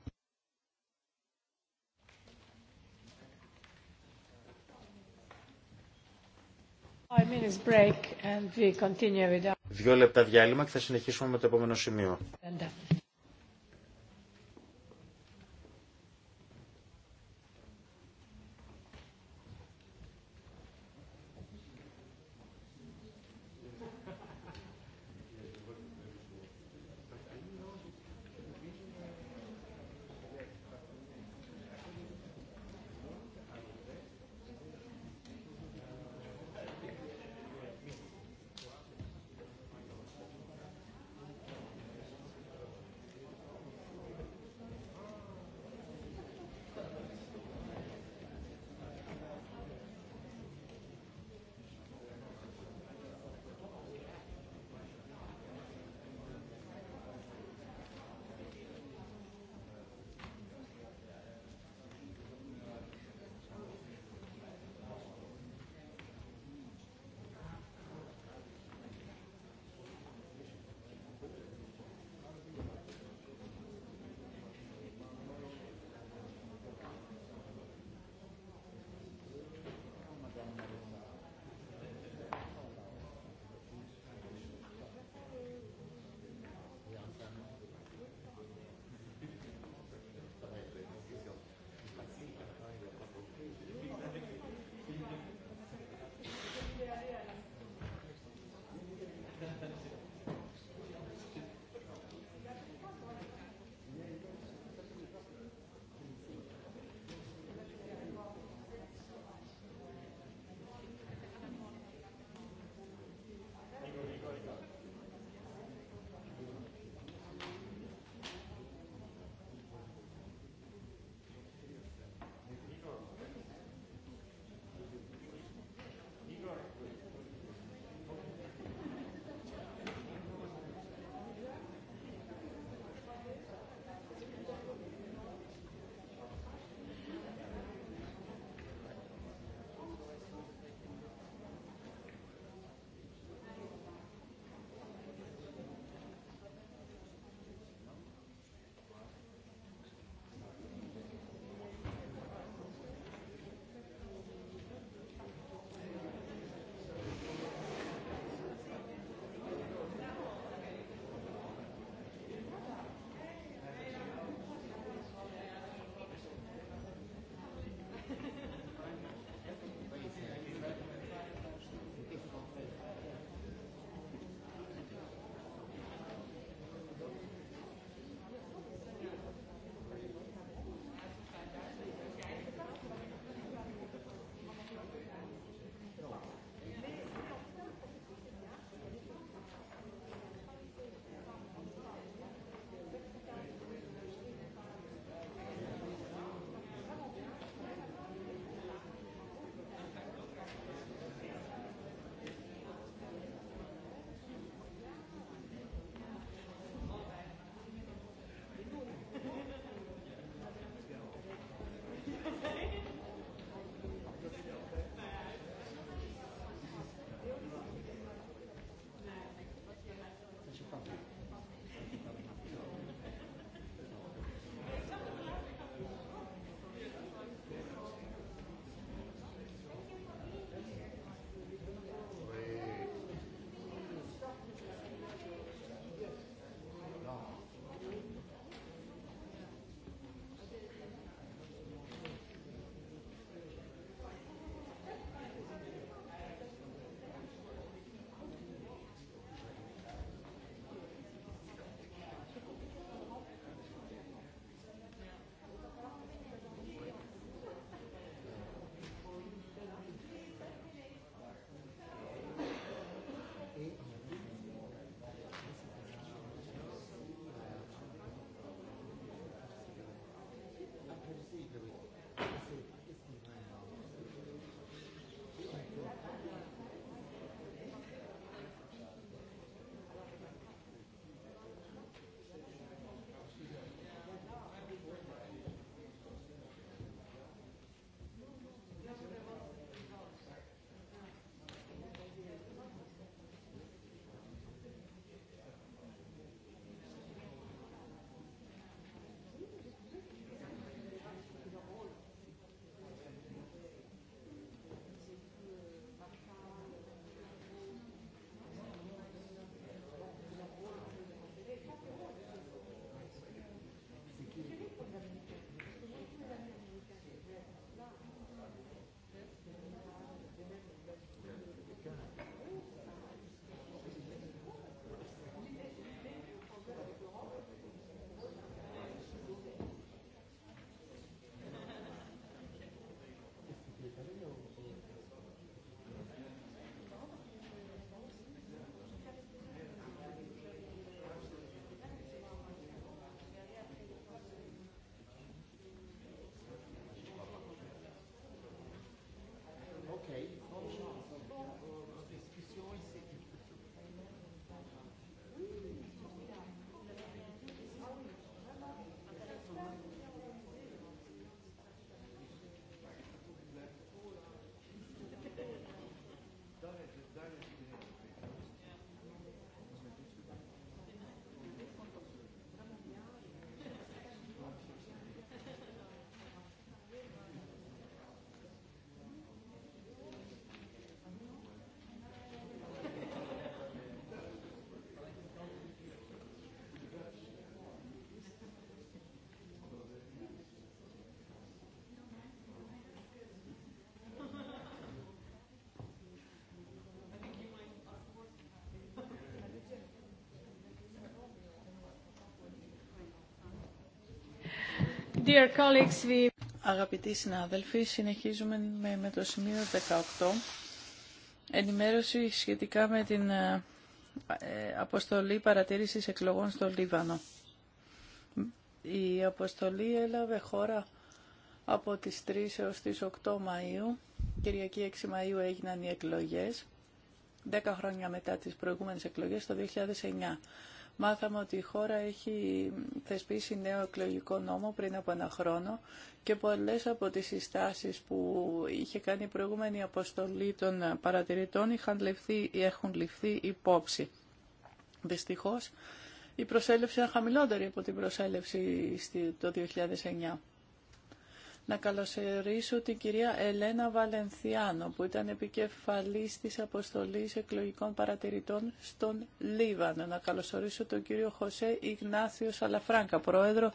Δύο λεπτά διάλειμμα και θα συνεχίσουμε με το επόμενο σημείο. Αγαπητοί συνάδελφοι, συνεχίζουμε με, το σημείο 18. Ενημέρωση σχετικά με την ε, ε, αποστολή παρατήρησης εκλογών στο Λίβανο. Η αποστολή έλαβε χώρα από τις 3 έως τις 8 Μαΐου. Κυριακή 6 Μαΐου έγιναν οι εκλογές, 10 χρόνια μετά τις προηγούμενες εκλογές, το 2009 μάθαμε ότι η χώρα έχει θεσπίσει νέο εκλογικό νόμο πριν από ένα χρόνο και πολλές από τις συστάσεις που είχε κάνει η προηγούμενη αποστολή των παρατηρητών είχαν ληφθεί, έχουν ληφθεί υπόψη. Δυστυχώς η προσέλευση είναι χαμηλότερη από την προσέλευση το 2009 να καλωσορίσω την κυρία Ελένα Βαλενθιάνο, που ήταν επικεφαλής της Αποστολής Εκλογικών Παρατηρητών στον Λίβανο. Να καλωσορίσω τον κύριο Χωσέ Ιγνάθιο Σαλαφράγκα, πρόεδρο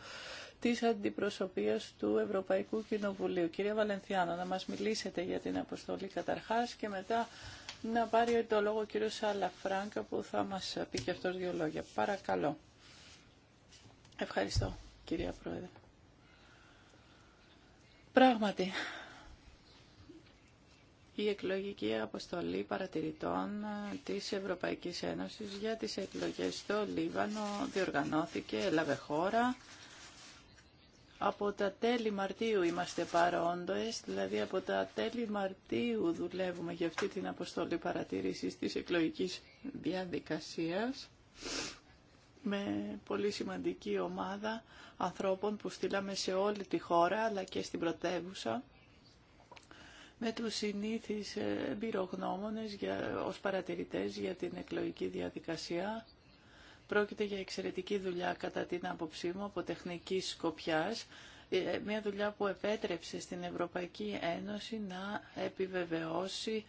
της Αντιπροσωπείας του Ευρωπαϊκού Κοινοβουλίου. Κυρία Βαλενθιάνο, να μας μιλήσετε για την Αποστολή καταρχάς και μετά να πάρει το λόγο ο κύριος Σαλαφράγκα που θα μας πει και αυτός δύο λόγια. Παρακαλώ. Ευχαριστώ, κυρία Πρόεδρε. Πράγματι, η εκλογική αποστολή παρατηρητών της Ευρωπαϊκής Ένωσης για τις εκλογές στο Λίβανο διοργανώθηκε, έλαβε χώρα. Από τα τέλη Μαρτίου είμαστε παρόντες, δηλαδή από τα τέλη Μαρτίου δουλεύουμε για αυτή την αποστολή παρατήρησης της εκλογικής διαδικασίας με πολύ σημαντική ομάδα ανθρώπων που στείλαμε σε όλη τη χώρα αλλά και στην πρωτεύουσα με τους συνήθεις εμπειρογνώμονες για, ως παρατηρητές για την εκλογική διαδικασία. Πρόκειται για εξαιρετική δουλειά κατά την άποψή μου από τεχνική σκοπιάς, ε, μια δουλειά που επέτρεψε στην Ευρωπαϊκή Ένωση να επιβεβαιώσει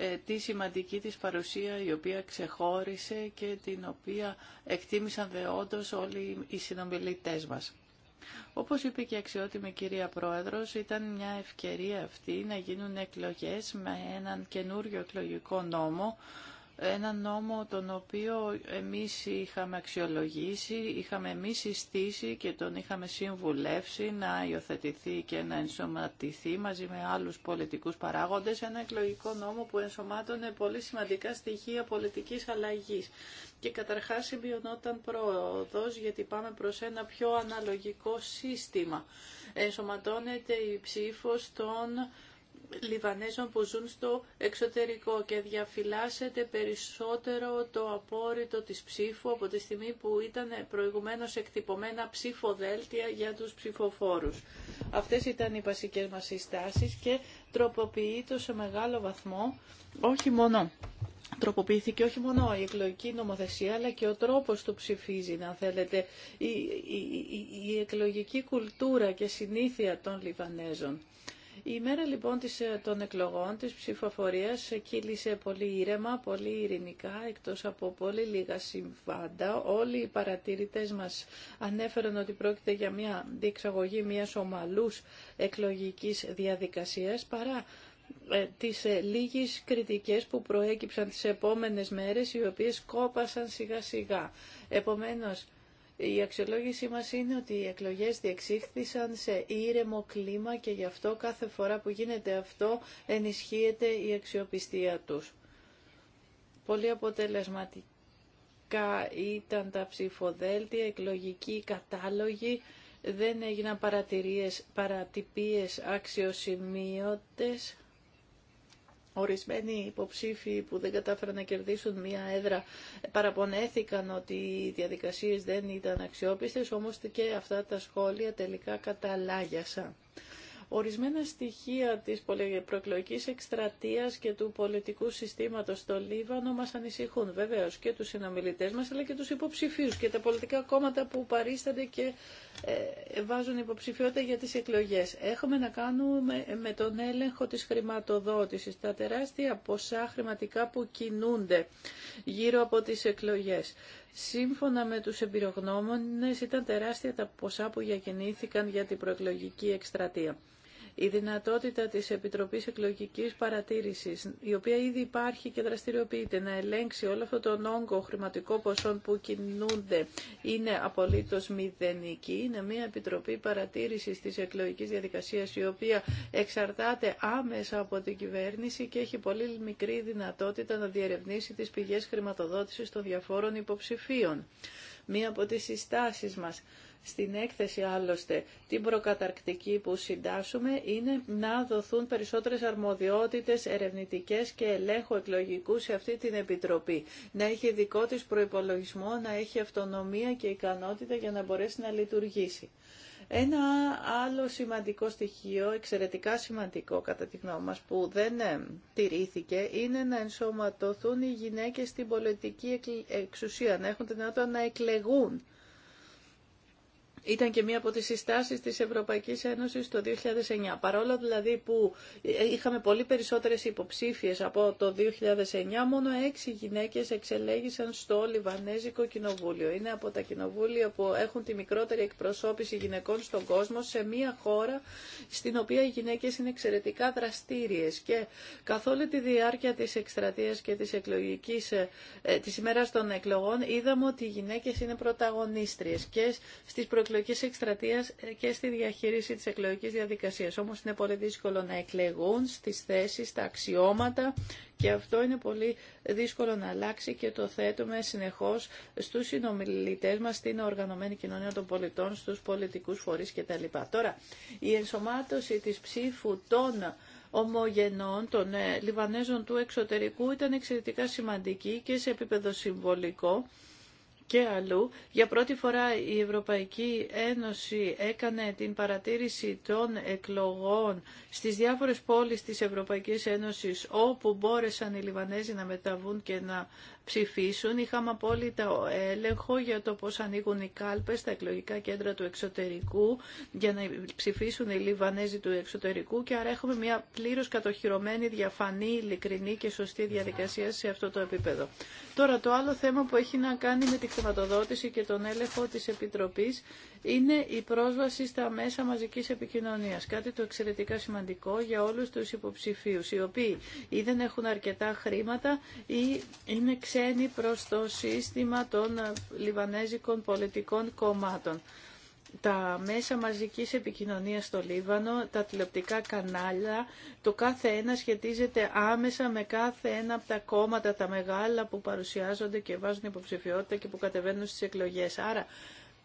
ε, τη σημαντική της παρουσία η οποία ξεχώρισε και την οποία εκτίμησαν δεόντως όλοι οι συνομιλητές μας. Όπως είπε και η αξιότιμη κυρία Πρόεδρος, ήταν μια ευκαιρία αυτή να γίνουν εκλογές με έναν καινούριο εκλογικό νόμο ένα νόμο τον οποίο εμείς είχαμε αξιολογήσει, είχαμε εμείς συστήσει και τον είχαμε συμβουλεύσει να υιοθετηθεί και να ενσωματηθεί μαζί με άλλους πολιτικούς παράγοντες ένα εκλογικό νόμο που ενσωμάτωνε πολύ σημαντικά στοιχεία πολιτικής αλλαγής. Και καταρχάς συμπιωνόταν πρόοδος γιατί πάμε προς ένα πιο αναλογικό σύστημα. Ενσωματώνεται η ψήφος των Λιβανέζων που ζουν στο εξωτερικό και διαφυλάσσεται περισσότερο το απόρριτο της ψήφου από τη στιγμή που ήταν προηγουμένως εκτυπωμένα ψηφοδέλτια για τους ψηφοφόρους. Αυτές ήταν οι βασικές μας συστάσεις και τροποποιείται σε μεγάλο βαθμό όχι μόνο τροποποιήθηκε όχι μόνο η εκλογική νομοθεσία, αλλά και ο τρόπος του ψηφίζει, να θέλετε, η, η εκλογική κουλτούρα και συνήθεια των Λιβανέζων. Η ημέρα λοιπόν ε, των εκλογών, της ψηφοφορίας, ε, κύλησε πολύ ήρεμα, πολύ ειρηνικά, εκτός από πολύ λίγα συμβάντα. Όλοι οι παρατηρητές μας ανέφεραν ότι πρόκειται για μια διεξαγωγή μιας ομαλούς εκλογικής διαδικασίας, παρά ε, τις λίγες κριτικές που προέκυψαν τις επόμενες μέρες, οι οποίες κόπασαν σιγά σιγά. Επομένως, η αξιολόγησή μας είναι ότι οι εκλογές διεξήχθησαν σε ήρεμο κλίμα και γι' αυτό κάθε φορά που γίνεται αυτό ενισχύεται η αξιοπιστία τους. Πολύ αποτελεσματικά ήταν τα ψηφοδέλτια, εκλογικοί κατάλογοι, δεν έγιναν παρατηρίες, παρατυπίες αξιοσημείωτες. Ορισμένοι υποψήφοι που δεν κατάφεραν να κερδίσουν μία έδρα παραπονέθηκαν ότι οι διαδικασίες δεν ήταν αξιόπιστες, όμως και αυτά τα σχόλια τελικά καταλάγιασαν. Ορισμένα στοιχεία της προεκλογικής εκστρατείας και του πολιτικού συστήματος στο Λίβανο μας ανησυχούν βεβαίως και τους συνομιλητές μας αλλά και τους υποψηφίους και τα πολιτικά κόμματα που παρίστανται και ε, βάζουν υποψηφιότητα για τις εκλογές. Έχουμε να κάνουμε με τον έλεγχο της χρηματοδότησης, τα τεράστια ποσά χρηματικά που κινούνται γύρω από τις εκλογές. Σύμφωνα με τους εμπειρογνώμονες ήταν τεράστια τα ποσά που διακινήθηκαν για την προεκλογική εκστρατεία η δυνατότητα της Επιτροπής Εκλογικής Παρατήρησης, η οποία ήδη υπάρχει και δραστηριοποιείται, να ελέγξει όλο αυτό τον όγκο χρηματικό ποσόν που κινούνται, είναι απολύτως μηδενική. Είναι μια Επιτροπή Παρατήρησης της εκλογικής διαδικασίας, η οποία εξαρτάται άμεσα από την κυβέρνηση και έχει πολύ μικρή δυνατότητα να διερευνήσει τις πηγές χρηματοδότησης των διαφόρων υποψηφίων. Μία από τις συστάσεις μας στην έκθεση άλλωστε την προκαταρκτική που συντάσσουμε είναι να δοθούν περισσότερες αρμοδιότητες ερευνητικές και ελέγχου εκλογικού σε αυτή την Επιτροπή. Να έχει δικό της προϋπολογισμό, να έχει αυτονομία και ικανότητα για να μπορέσει να λειτουργήσει. Ένα άλλο σημαντικό στοιχείο, εξαιρετικά σημαντικό κατά τη γνώμη μας, που δεν ε, τηρήθηκε, είναι να ενσωματωθούν οι γυναίκες στην πολιτική εξουσία, να έχουν την δυνατότητα να εκλεγούν ήταν και μία από τις συστάσεις της Ευρωπαϊκής Ένωσης το 2009. Παρόλο δηλαδή που είχαμε πολύ περισσότερες υποψήφιες από το 2009, μόνο έξι γυναίκες εξελέγησαν στο Λιβανέζικο Κοινοβούλιο. Είναι από τα κοινοβούλια που έχουν τη μικρότερη εκπροσώπηση γυναικών στον κόσμο σε μία χώρα στην οποία οι γυναίκες είναι εξαιρετικά δραστήριες και καθ' όλη τη διάρκεια της εκστρατείας και της, εκλογικής, ε, ε, της ημέρας των εκλογών είδαμε ότι οι γυναίκες είναι πρωταγωνίστριες και στις προ εκλογική εκστρατεία και στη διαχείριση τη εκλογική διαδικασία. Όμω είναι πολύ δύσκολο να εκλεγούν στι θέσει, στα αξιώματα και αυτό είναι πολύ δύσκολο να αλλάξει και το θέτουμε συνεχώ στου συνομιλητέ μα, στην οργανωμένη κοινωνία των πολιτών, στου πολιτικού φορεί κτλ. Τώρα, η ενσωμάτωση τη ψήφου των ομογενών των ε, Λιβανέζων του εξωτερικού ήταν εξαιρετικά σημαντική και σε επίπεδο συμβολικό και αλλού. Για πρώτη φορά η Ευρωπαϊκή Ένωση έκανε την παρατήρηση των εκλογών στις διάφορες πόλεις της Ευρωπαϊκής Ένωσης όπου μπόρεσαν οι Λιβανέζοι να μεταβούν και να ψηφίσουν. Είχαμε απόλυτα έλεγχο για το πώς ανοίγουν οι κάλπες στα εκλογικά κέντρα του εξωτερικού για να ψηφίσουν οι Λιβανέζοι του εξωτερικού και άρα έχουμε μια πλήρως κατοχυρωμένη, διαφανή, ειλικρινή και σωστή διαδικασία σε αυτό το επίπεδο. Τώρα το άλλο θέμα που έχει να κάνει με τη χρηματοδότηση και τον έλεγχο της Επιτροπής είναι η πρόσβαση στα μέσα μαζικής επικοινωνίας. Κάτι το εξαιρετικά σημαντικό για όλους τους υποψηφίους, οι οποίοι ή δεν έχουν αρκετά χρήματα ή είναι ξένοι προς το σύστημα των ε, λιβανέζικων πολιτικών κομμάτων. Τα μέσα μαζικής επικοινωνίας στο Λίβανο, τα τηλεοπτικά κανάλια, το κάθε ένα σχετίζεται άμεσα με κάθε ένα από τα κόμματα τα μεγάλα που παρουσιάζονται και βάζουν υποψηφιότητα και που κατεβαίνουν στις εκλογές. Άρα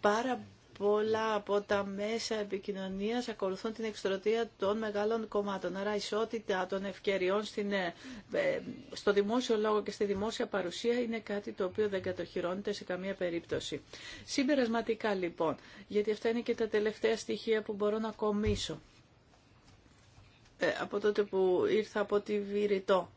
πάρα πολλά από τα μέσα επικοινωνίας ακολουθούν την εξτροτεία των μεγάλων κομμάτων. Άρα ισότητα των ευκαιριών στην, ε, ε, στο δημόσιο λόγο και στη δημόσια παρουσία είναι κάτι το οποίο δεν κατοχυρώνεται σε καμία περίπτωση. Συμπερασματικά λοιπόν, γιατί αυτά είναι και τα τελευταία στοιχεία που μπορώ να κομίσω ε, από τότε που ήρθα από τη Βηρητό.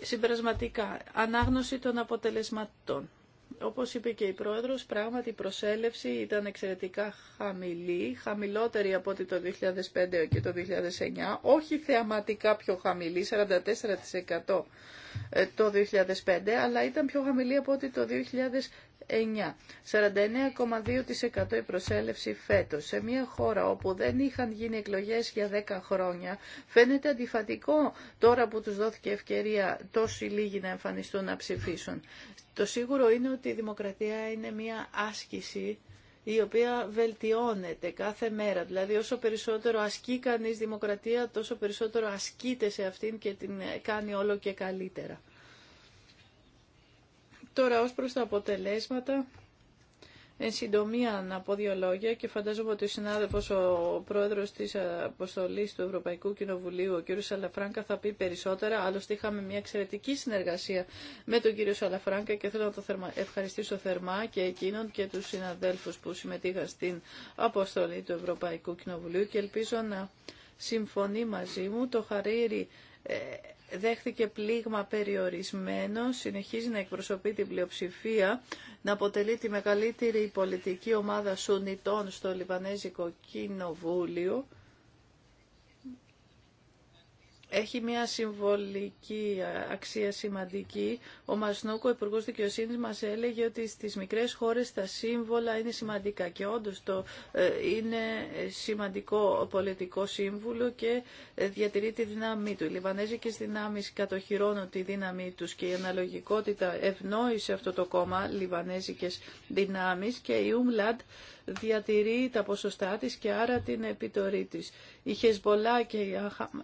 Συμπερασματικά, ανάγνωση των αποτελεσματών όπως είπε και η Πρόεδρος, πράγματι η προσέλευση ήταν εξαιρετικά χαμηλή, χαμηλότερη από ότι το 2005 και το 2009, όχι θεαματικά πιο χαμηλή, 44% ε, το 2005, αλλά ήταν πιο χαμηλή από ότι το 9. 49,2% η προσέλευση φέτος. Σε μια χώρα όπου δεν είχαν γίνει εκλογές για 10 χρόνια, φαίνεται αντιφατικό τώρα που τους δόθηκε ευκαιρία τόσοι λίγοι να εμφανιστούν να ψηφίσουν. Το σίγουρο είναι ότι η δημοκρατία είναι μια άσκηση η οποία βελτιώνεται κάθε μέρα. Δηλαδή όσο περισσότερο ασκεί κανείς δημοκρατία, τόσο περισσότερο ασκείται σε αυτήν και την κάνει όλο και καλύτερα. Τώρα ως προς τα αποτελέσματα, εν συντομία να πω δύο λόγια και φαντάζομαι ότι ο συνάδελφος, ο πρόεδρος της αποστολής του Ευρωπαϊκού Κοινοβουλίου, ο κ. Σαλαφράγκα, θα πει περισσότερα. Άλλωστε είχαμε μια εξαιρετική συνεργασία με τον κύριο Σαλαφράγκα και θέλω να το ευχαριστήσω θερμά και εκείνον και τους συναδέλφους που συμμετείχαν στην αποστολή του Ευρωπαϊκού Κοινοβουλίου και ελπίζω να συμφωνεί μαζί μου το χαρίρι ε, δέχθηκε πλήγμα περιορισμένο, συνεχίζει να εκπροσωπεί την πλειοψηφία, να αποτελεί τη μεγαλύτερη πολιτική ομάδα Σουνιτών στο Λιβανέζικο Κοινοβούλιο έχει μια συμβολική αξία σημαντική. Ο Μασνούκο, ο Υπουργό Δικαιοσύνη, μα έλεγε ότι στι μικρέ χώρε τα σύμβολα είναι σημαντικά. Και όντω το ε, είναι σημαντικό πολιτικό σύμβουλο και ε, διατηρεί τη δύναμή του. Οι Λιβανέζικε δυνάμει κατοχυρώνουν τη δύναμή του και η αναλογικότητα ευνόησε αυτό το κόμμα, Λιβανέζικε δυνάμει και η Ουμλαντ διατηρεί τα ποσοστά της και άρα την επιτορή της. Η Χεσμολά και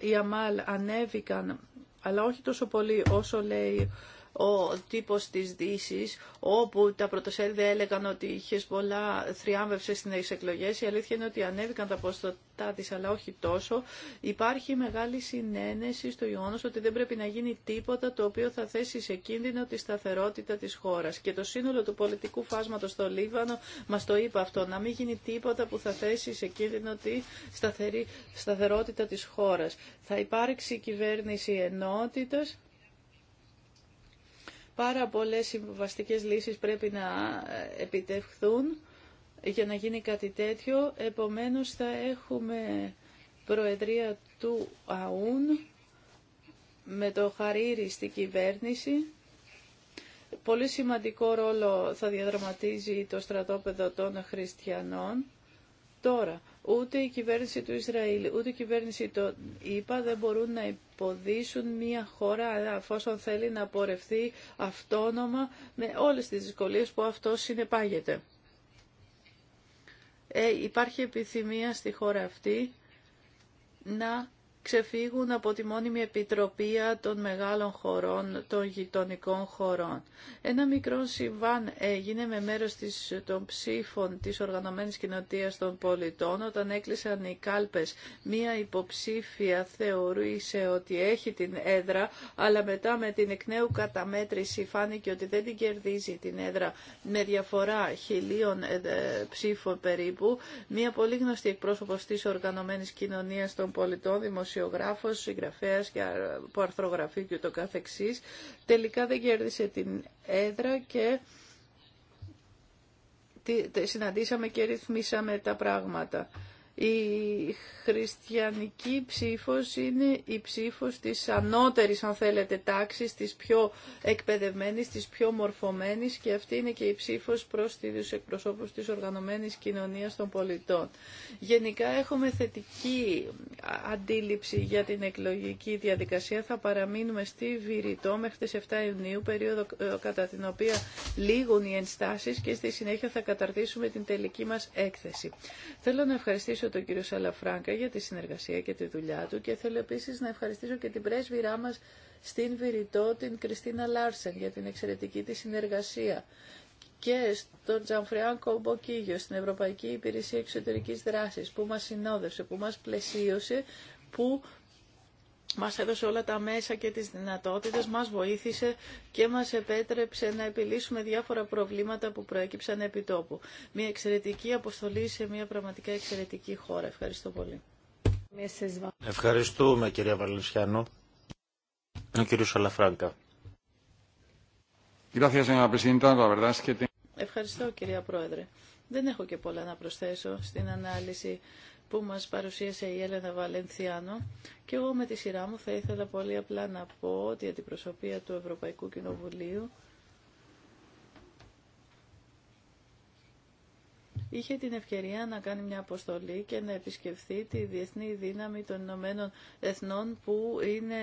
η Αμάλ ανέβηκαν αλλά όχι τόσο πολύ όσο λέει ο τύπος της δύση, όπου τα πρωτοσέλιδα έλεγαν ότι είχε πολλά θριάμβευσε στις εκλογές. Η αλήθεια είναι ότι ανέβηκαν τα ποσοστά της, αλλά όχι τόσο. Υπάρχει μεγάλη συνένεση στο γεγονό ότι δεν πρέπει να γίνει τίποτα το οποίο θα θέσει σε κίνδυνο τη σταθερότητα της χώρας. Και το σύνολο του πολιτικού φάσματος στο Λίβανο μας το είπε αυτό, να μην γίνει τίποτα που θα θέσει σε κίνδυνο τη σταθερότητα της χώρας. Θα υπάρξει κυβέρνηση ενότητα. Πάρα πολλές συμβαστικές λύσεις πρέπει να ε, επιτευχθούν για να γίνει κάτι τέτοιο. Επομένως θα έχουμε προεδρία του ΑΟΥΝ με το Χαρίρι στην κυβέρνηση. Πολύ σημαντικό ρόλο θα διαδραματίζει το στρατόπεδο των χριστιανών. Τώρα, Ούτε η κυβέρνηση του Ισραήλ, ούτε η κυβέρνηση των ΙΠΑ δεν μπορούν να υποδίσουν μια χώρα αφόσον θέλει να πορευθεί αυτόνομα με όλες τις δυσκολίες που αυτό συνεπάγεται. Ε, υπάρχει επιθυμία στη χώρα αυτή να ξεφύγουν από τη μόνιμη επιτροπή των μεγάλων χωρών, των γειτονικών χωρών. Ένα μικρό συμβάν έγινε με μέρος της, των ψήφων της Οργανωμένης Κοινοτίας των Πολιτών όταν έκλεισαν οι κάλπες. Μία υποψήφια θεωρούσε ότι έχει την έδρα, αλλά μετά με την εκ νέου καταμέτρηση φάνηκε ότι δεν την κερδίζει την έδρα με διαφορά χιλίων ε, ψήφων περίπου. Μία πολύ γνωστή εκπρόσωπος της Οργανωμένης Κοινωνίας των Πολιτών, δημοσιογράφος, συγγραφέας και που αρθρογραφεί και το καθεξής. Τελικά δεν κέρδισε την έδρα και συναντήσαμε και ρυθμίσαμε τα πράγματα. Η χριστιανική ψήφος είναι η ψήφος της ανώτερης, αν θέλετε, τάξης, της πιο εκπαιδευμένης, της πιο μορφωμένης και αυτή είναι και η ψήφος προς τους εκπροσώπους της οργανωμένης κοινωνίας των πολιτών. Γενικά έχουμε θετική αντίληψη για την εκλογική διαδικασία. Θα παραμείνουμε στη Βηρητό μέχρι τις 7 Ιουνίου, περίοδο ε, κατά την οποία λήγουν οι ενστάσεις και στη συνέχεια θα καταρτήσουμε την τελική μας έκθεση. Θέλω να ευχαριστήσω τον κύριο Σαλαφράγκα για τη συνεργασία και τη δουλειά του και θέλω επίσης να ευχαριστήσω και την πρέσβειρά μας στην Βηρητό, την Κριστίνα Λάρσεν, για την εξαιρετική τη συνεργασία και στον Τζανφριάν Κομποκίγιο, στην Ευρωπαϊκή Υπηρεσία Εξωτερικής Δράσης, που μας συνόδευσε, που μας πλαισίωσε, που μας έδωσε όλα τα μέσα και τις δυνατότητες, μας βοήθησε και μας επέτρεψε να επιλύσουμε διάφορα προβλήματα που προέκυψαν επί τόπου. Μια εξαιρετική αποστολή σε μια πραγματικά εξαιρετική χώρα. Ευχαριστώ πολύ. Ευχαριστούμε κυρία Βαλενσιάνο. Ο κύριος Ευχαριστώ κυρία Πρόεδρε. Δεν έχω και πολλά να προσθέσω στην ανάλυση που μας παρουσίασε η Έλενα Βαλενθιάνο και εγώ με τη σειρά μου θα ήθελα πολύ απλά να πω ότι η αντιπροσωπεία του Ευρωπαϊκού Κοινοβουλίου είχε την ευκαιρία να κάνει μια αποστολή και να επισκεφθεί τη Διεθνή Δύναμη των Ηνωμένων Εθνών που είναι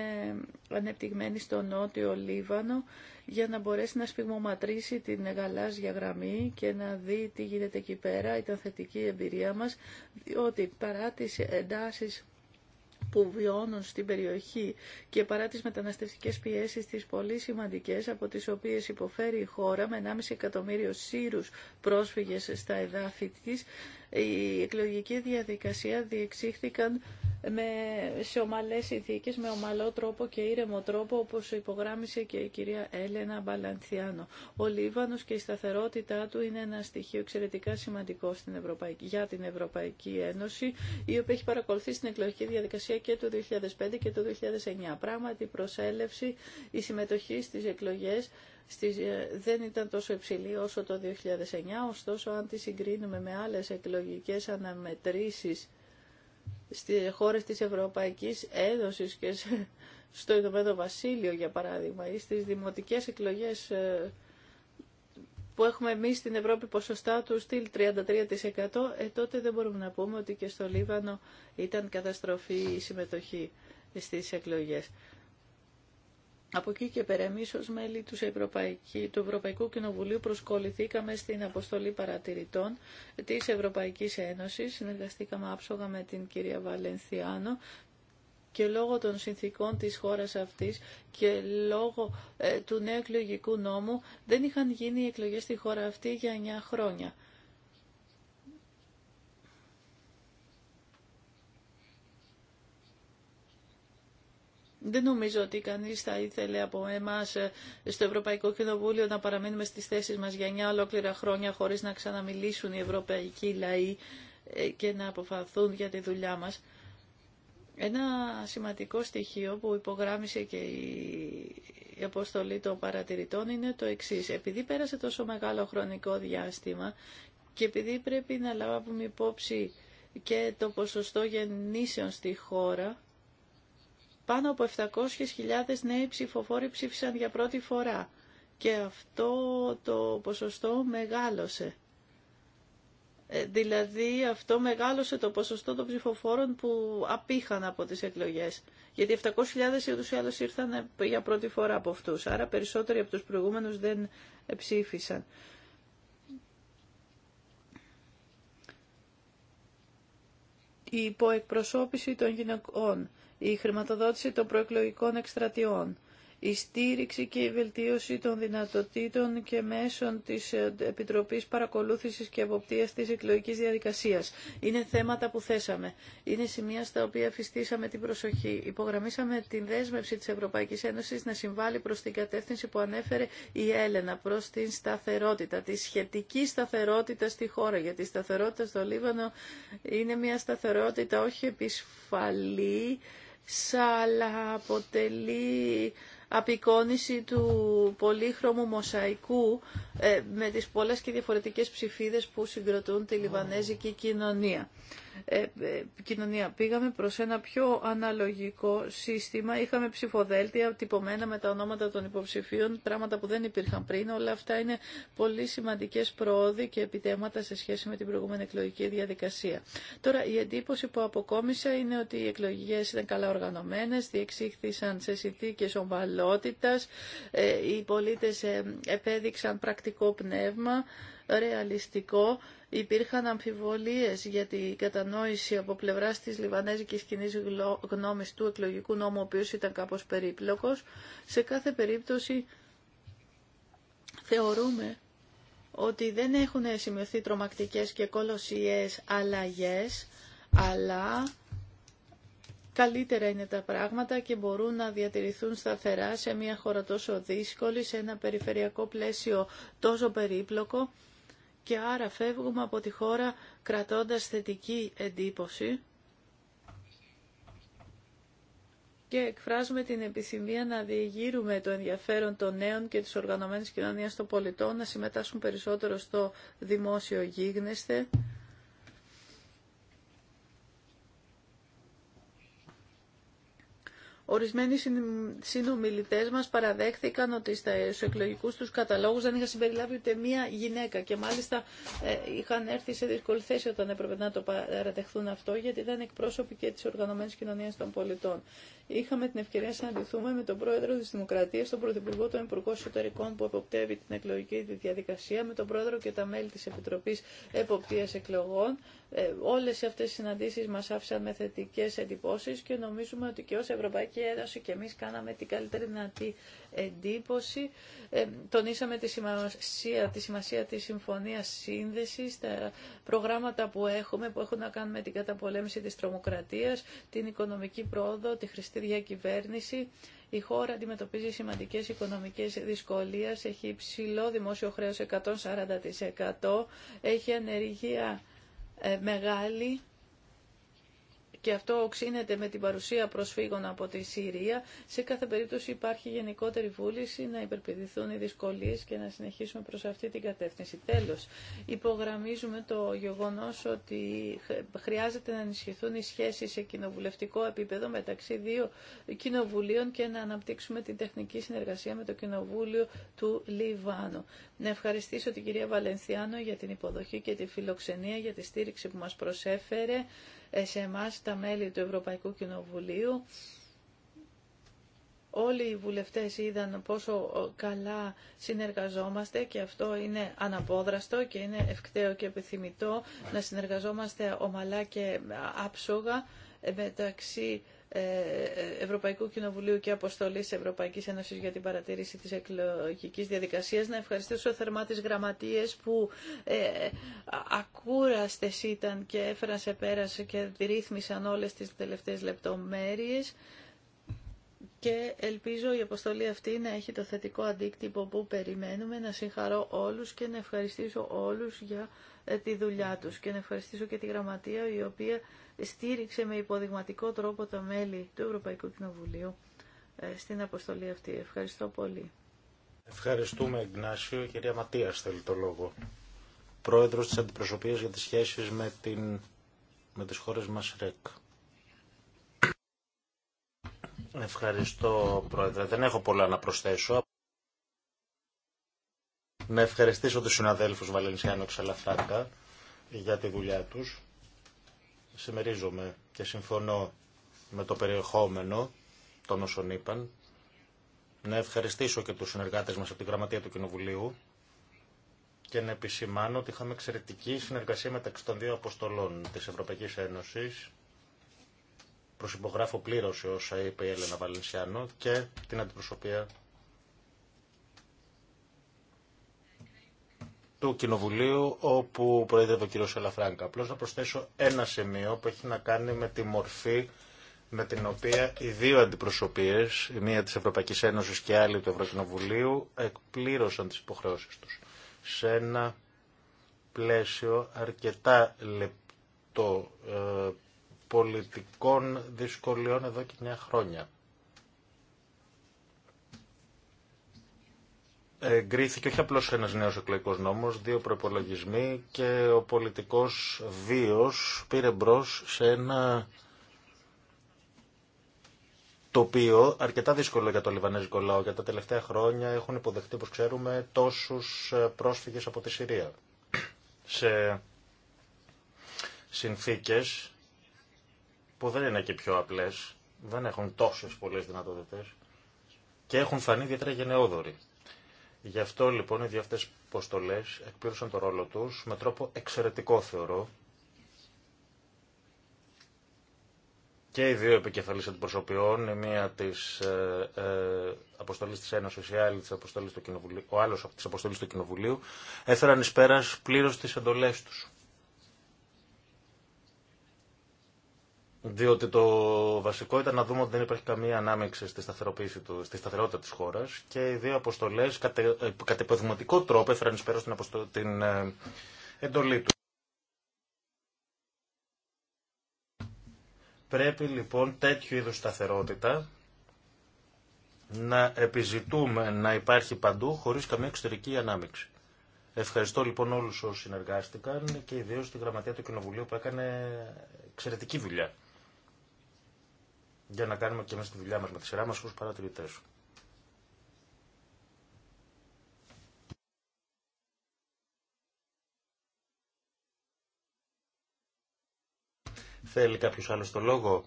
ανεπτυγμένη στο νότιο Λίβανο για να μπορέσει να σπιγμωματρήσει την γαλάζια γραμμή και να δει τι γίνεται εκεί πέρα. Ήταν θετική η εμπειρία μας ότι παρά τις εντάσεις που βιώνουν στην περιοχή και παρά τις μεταναστευτικές πιέσεις τις πολύ σημαντικές από τις οποίες υποφέρει η χώρα με 1,5 εκατομμύριο Σύρους πρόσφυγες στα εδάφη της, η εκλογική διαδικασία διεξήχθηκαν με, σε ομαλές συνθήκες, με ομαλό τρόπο και ήρεμο τρόπο, όπως υπογράμμισε και η κυρία Έλενα Μπαλανθιάνο. Ο Λίβανος και η σταθερότητά του είναι ένα στοιχείο εξαιρετικά σημαντικό στην Ευρωπαϊκή, για την Ευρωπαϊκή Ένωση, η οποία έχει παρακολουθεί στην εκλογική διαδικασία και το 2005 και το 2009. Πράγματι, η προσέλευση, η συμμετοχή στις εκλογές ε, δεν ήταν τόσο υψηλή όσο το 2009, ωστόσο αν τη συγκρίνουμε με άλλες εκλογικές αναμετρήσεις στις χώρες της Ευρωπαϊκής Ένωσης και στο Ηνωμένο Βασίλειο για παράδειγμα ή στις δημοτικές εκλογές ε, που έχουμε εμείς στην Ευρώπη ποσοστά του στυλ 33% ε, τότε δεν μπορούμε να πούμε ότι και στο Λίβανο ήταν καταστροφή η συμμετοχή στις εκλογές. Από εκεί και πέρα, εμεί ω μέλη του, Ευρωπαϊκού Κοινοβουλίου προσκοληθήκαμε στην αποστολή παρατηρητών τη Ευρωπαϊκή Ένωση. Συνεργαστήκαμε άψογα με την κυρία Βαλενθιάνο και λόγω των συνθήκων της χώρας αυτής και λόγω ε, του νέου εκλογικού νόμου δεν είχαν γίνει εκλογές στη χώρα αυτή για 9 χρόνια. Δεν νομίζω ότι κανεί θα ήθελε από εμάς ε, στο Ευρωπαϊκό Κοινοβούλιο να παραμείνουμε στις θέσεις μας για μια ολόκληρα χρόνια χωρίς να ξαναμιλήσουν οι ευρωπαϊκοί λαοί ε, και να αποφαθούν για τη δουλειά μας. Ένα σημαντικό στοιχείο που υπογράμμισε και η αποστολή των παρατηρητών είναι το εξή. Επειδή πέρασε τόσο μεγάλο χρονικό διάστημα και επειδή πρέπει να λάβουμε υπόψη και το ποσοστό γεννήσεων στη χώρα, πάνω από 700.000 νέοι ψηφοφόροι ψήφισαν για πρώτη φορά και αυτό το ποσοστό μεγάλωσε. Ε, δηλαδή αυτό μεγάλωσε το ποσοστό των ψηφοφόρων που απήχαν από τις εκλογές. Γιατί 700.000 ούτως ή άλλως ήρθαν ε, για πρώτη φορά από αυτούς. Άρα περισσότεροι από τους προηγούμενους δεν ε, ψήφισαν. Η υποεκπροσώπηση των γυναικών η χρηματοδότηση των προεκλογικών εκστρατιών, η στήριξη και η βελτίωση των δυνατοτήτων και μέσων της Επιτροπής Παρακολούθησης και Εποπτείας της εκλογικής διαδικασίας. Είναι θέματα που θέσαμε. Είναι σημεία στα οποία φυστήσαμε την προσοχή. Υπογραμμίσαμε την δέσμευση της Ευρωπαϊκής Ένωσης να συμβάλλει προς την κατεύθυνση που ανέφερε η Έλενα, προς την σταθερότητα, τη σχετική σταθερότητα στη χώρα. Γιατί η σταθερότητα στο Λίβανο είναι μια σταθερότητα όχι επισφαλή, σάλα αποτελεί απεικόνιση του πολύχρωμου μοσαϊκού ε, με τις πολλές και διαφορετικές ψηφίδες που συγκροτούν τη λιβανέζικη κοινωνία. Ε, ε, κοινωνία. Πήγαμε προς ένα πιο αναλογικό σύστημα. Είχαμε ψηφοδέλτια τυπωμένα με τα ονόματα των υποψηφίων, πράγματα που δεν υπήρχαν πριν. Όλα αυτά είναι πολύ σημαντικές προόδοι και επιτέματα σε σχέση με την προηγούμενη εκλογική διαδικασία. Τώρα, η εντύπωση που αποκόμισα είναι ότι οι εκλογές ήταν καλά οργανωμένες, διεξήχθησαν σε συνθήκε ομβαλότητας, ε, οι πολίτες επέδειξαν πρακτικό πνεύμα, ρεαλιστικό υπήρχαν αμφιβολίες για την κατανόηση από πλευράς της λιβανέζικης κοινή γνώμης του εκλογικού νόμου, ο οποίος ήταν κάπως περίπλοκος. Σε κάθε περίπτωση θεωρούμε ότι δεν έχουν σημειωθεί τρομακτικές και κολοσιές αλλαγές, αλλά καλύτερα είναι τα πράγματα και μπορούν να διατηρηθούν σταθερά σε μια χώρα τόσο δύσκολη, σε ένα περιφερειακό πλαίσιο τόσο περίπλοκο και άρα φεύγουμε από τη χώρα κρατώντας θετική εντύπωση και εκφράζουμε την επιθυμία να διεγείρουμε το ενδιαφέρον των νέων και της οργανωμένης κοινωνίας των πολιτών να συμμετάσχουν περισσότερο στο δημόσιο γίγνεσθε Ορισμένοι συνομιλητές μας παραδέχθηκαν ότι στους εκλογικούς τους καταλόγους δεν είχα συμπεριλάβει ούτε μία γυναίκα και μάλιστα ε, είχαν έρθει σε δύσκολη θέση όταν έπρεπε να το παραδεχθούν αυτό γιατί ήταν εκπρόσωποι και της οργανωμένης κοινωνίας των πολιτών. Είχαμε την ευκαιρία να συναντηθούμε με τον πρόεδρο της Δημοκρατίας, τον πρωθυπουργό των Υπουργών Εσωτερικών που εποπτεύει την εκλογική διαδικασία, με τον πρόεδρο και τα μέλη της Επιτροπής Εποπτείας Εκλογών, ε, όλες αυτές οι συναντήσεις μας άφησαν με θετικές εντυπώσεις και νομίζουμε ότι και ως Ευρωπαϊκή Ένωση και εμείς κάναμε την καλύτερη δυνατή εντύπωση. Ε, τονίσαμε τη σημασία, τη σημασία της συμφωνίας σύνδεσης, τα προγράμματα που έχουμε, που έχουν να κάνουν με την καταπολέμηση της τρομοκρατίας, την οικονομική πρόοδο, τη χρηστή διακυβέρνηση. Η χώρα αντιμετωπίζει σημαντικές οικονομικές δυσκολίες, έχει υψηλό δημόσιο χρέος 140%, έχει ανεργία ε, μεγάλη και αυτό οξύνεται με την παρουσία προσφύγων από τη Συρία. Σε κάθε περίπτωση υπάρχει γενικότερη βούληση να υπερπηδηθούν οι δυσκολίε και να συνεχίσουμε προ αυτή την κατεύθυνση. Τέλο, υπογραμμίζουμε το γεγονό ότι χρειάζεται να ενισχυθούν οι σχέσει σε κοινοβουλευτικό επίπεδο μεταξύ δύο κοινοβουλίων και να αναπτύξουμε την τεχνική συνεργασία με το Κοινοβούλιο του Λιβάνου. Να ευχαριστήσω την κυρία Βαλενθιάνο για την υποδοχή και τη φιλοξενία, για τη στήριξη που μας προσέφερε. Ε, σε εμά τα μέλη του Ευρωπαϊκού Κοινοβουλίου. Όλοι οι βουλευτές είδαν πόσο ε, καλά συνεργαζόμαστε και αυτό είναι αναπόδραστο και είναι ευκταίο και επιθυμητό να συνεργαζόμαστε ομαλά και άψογα μεταξύ ε, Ευρωπαϊκού Κοινοβουλίου και Αποστολή Ευρωπαϊκής Ένωση για την παρατήρηση της εκλογική διαδικασίας. Να ευχαριστήσω θερμά τις γραμματείες που ε, ακούραστες ήταν και έφεραν σε πέρα και ρύθμισαν όλες τις τελευταίες λεπτομέρειες και ελπίζω η αποστολή αυτή να έχει το θετικό αντίκτυπο που περιμένουμε. Να συγχαρώ όλους και να ευχαριστήσω όλους για τη δουλειά τους και να ευχαριστήσω και τη Γραμματεία η οποία στήριξε με υποδειγματικό τρόπο τα μέλη του Ευρωπαϊκού Κοινοβουλίου ε, στην αποστολή αυτή. Ευχαριστώ πολύ. Ευχαριστούμε Εγνάσιο. κυρία Ματίας θέλει το λόγο. Πρόεδρος της Αντιπροσωπείας για τις σχέσεις με, την... με τις χώρες μας ΡΕΚ. Ευχαριστώ Πρόεδρε. Δεν έχω πολλά να προσθέσω. Να ευχαριστήσω τους συναδέλφους Βαλενσιάνο Ξαλαφράκα για τη δουλειά τους. Συμμερίζομαι και συμφωνώ με το περιεχόμενο των όσων είπαν. Να ευχαριστήσω και τους συνεργάτες μας από τη Γραμματεία του Κοινοβουλίου και να επισημάνω ότι είχαμε εξαιρετική συνεργασία μεταξύ των δύο αποστολών της Ευρωπαϊκής Ένωσης προσυπογράφω πλήρωση όσα είπε η Έλενα Βαλενσιάνο και την αντιπροσωπεία του Κοινοβουλίου όπου προέδρευε ο κ. Σαλαφράγκα. Απλώ να προσθέσω ένα σημείο που έχει να κάνει με τη μορφή με την οποία οι δύο αντιπροσωπείες, η μία της Ευρωπαϊκής Ένωσης και η άλλη του Ευρωκοινοβουλίου, εκπλήρωσαν τις υποχρεώσεις τους σε ένα πλαίσιο αρκετά λεπτό ε, πολιτικών δυσκολιών εδώ και μια χρόνια. εγκρίθηκε όχι απλώς ένας νέος εκλογικός νόμος, δύο προπολογισμοί και ο πολιτικός βίος πήρε μπρο σε ένα τοπίο αρκετά δύσκολο για το λιβανέζικο λαό. Για τα τελευταία χρόνια έχουν υποδεχτεί, όπως ξέρουμε, τόσους ε, πρόσφυγες από τη Συρία. Σε συνθήκες που δεν είναι και πιο απλές, δεν έχουν τόσες πολλές δυνατότητες και έχουν φανεί ιδιαίτερα γενναιόδοροι. Γι' αυτό λοιπόν οι δύο αυτές ποστολές εκπλήρωσαν το ρόλο τους με τρόπο εξαιρετικό θεωρώ και οι δύο επικεφαλής αντιπροσωπιών, η μία της ε, ε, αποστολής της Ένωσης, η άλλη του Κοινοβουλίου, ο άλλος από τις αποστολής του Κοινοβουλίου, έφεραν εις πέρας πλήρως τις εντολές τους. Διότι το βασικό ήταν να δούμε ότι δεν υπάρχει καμία ανάμεξη στη, σταθεροποίηση του, στη σταθερότητα τη χώρα και οι δύο αποστολέ κατε, ε, κατεπαιδευματικό τρόπο έφεραν ει πέρα την ε, εντολή του. Πρέπει λοιπόν τέτοιου είδους σταθερότητα να επιζητούμε να υπάρχει παντού χωρίς καμία εξωτερική ανάμειξη. Ευχαριστώ λοιπόν όλους όσους συνεργάστηκαν και ιδίως τη Γραμματεία του Κοινοβουλίου που έκανε εξαιρετική δουλειά για να κάνουμε και εμείς τη δουλειά μας με τη σειρά μας ως παρατηρητές. Θέλει κάποιος άλλο το λόγο.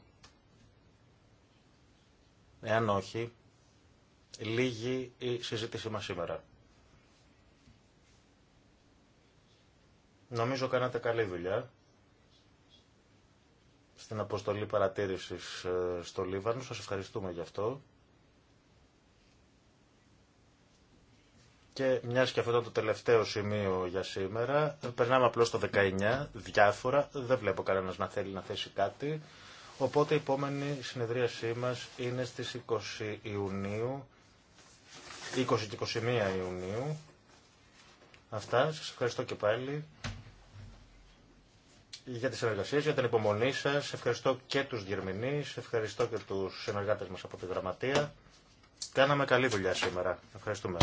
Εάν όχι, λίγη η συζήτησή μας σήμερα. Νομίζω κάνατε καλή δουλειά στην αποστολή παρατήρησης ε, στο Λίβανο. Σας ευχαριστούμε γι' αυτό. Και μιας και αυτό ήταν το τελευταίο σημείο για σήμερα, περνάμε απλώς στο 19, διάφορα, δεν βλέπω κανένας να θέλει να θέσει κάτι. Οπότε η επόμενη συνεδρίασή μας είναι στις 20 Ιουνίου, 20 και 21 Ιουνίου. Αυτά, σας ευχαριστώ και πάλι για τις εργασίες, για την υπομονή σας. Ευχαριστώ και τους διερμηνείς, ευχαριστώ και τους συνεργάτες μας από τη Γραμματεία. Κάναμε καλή δουλειά σήμερα. Ευχαριστούμε.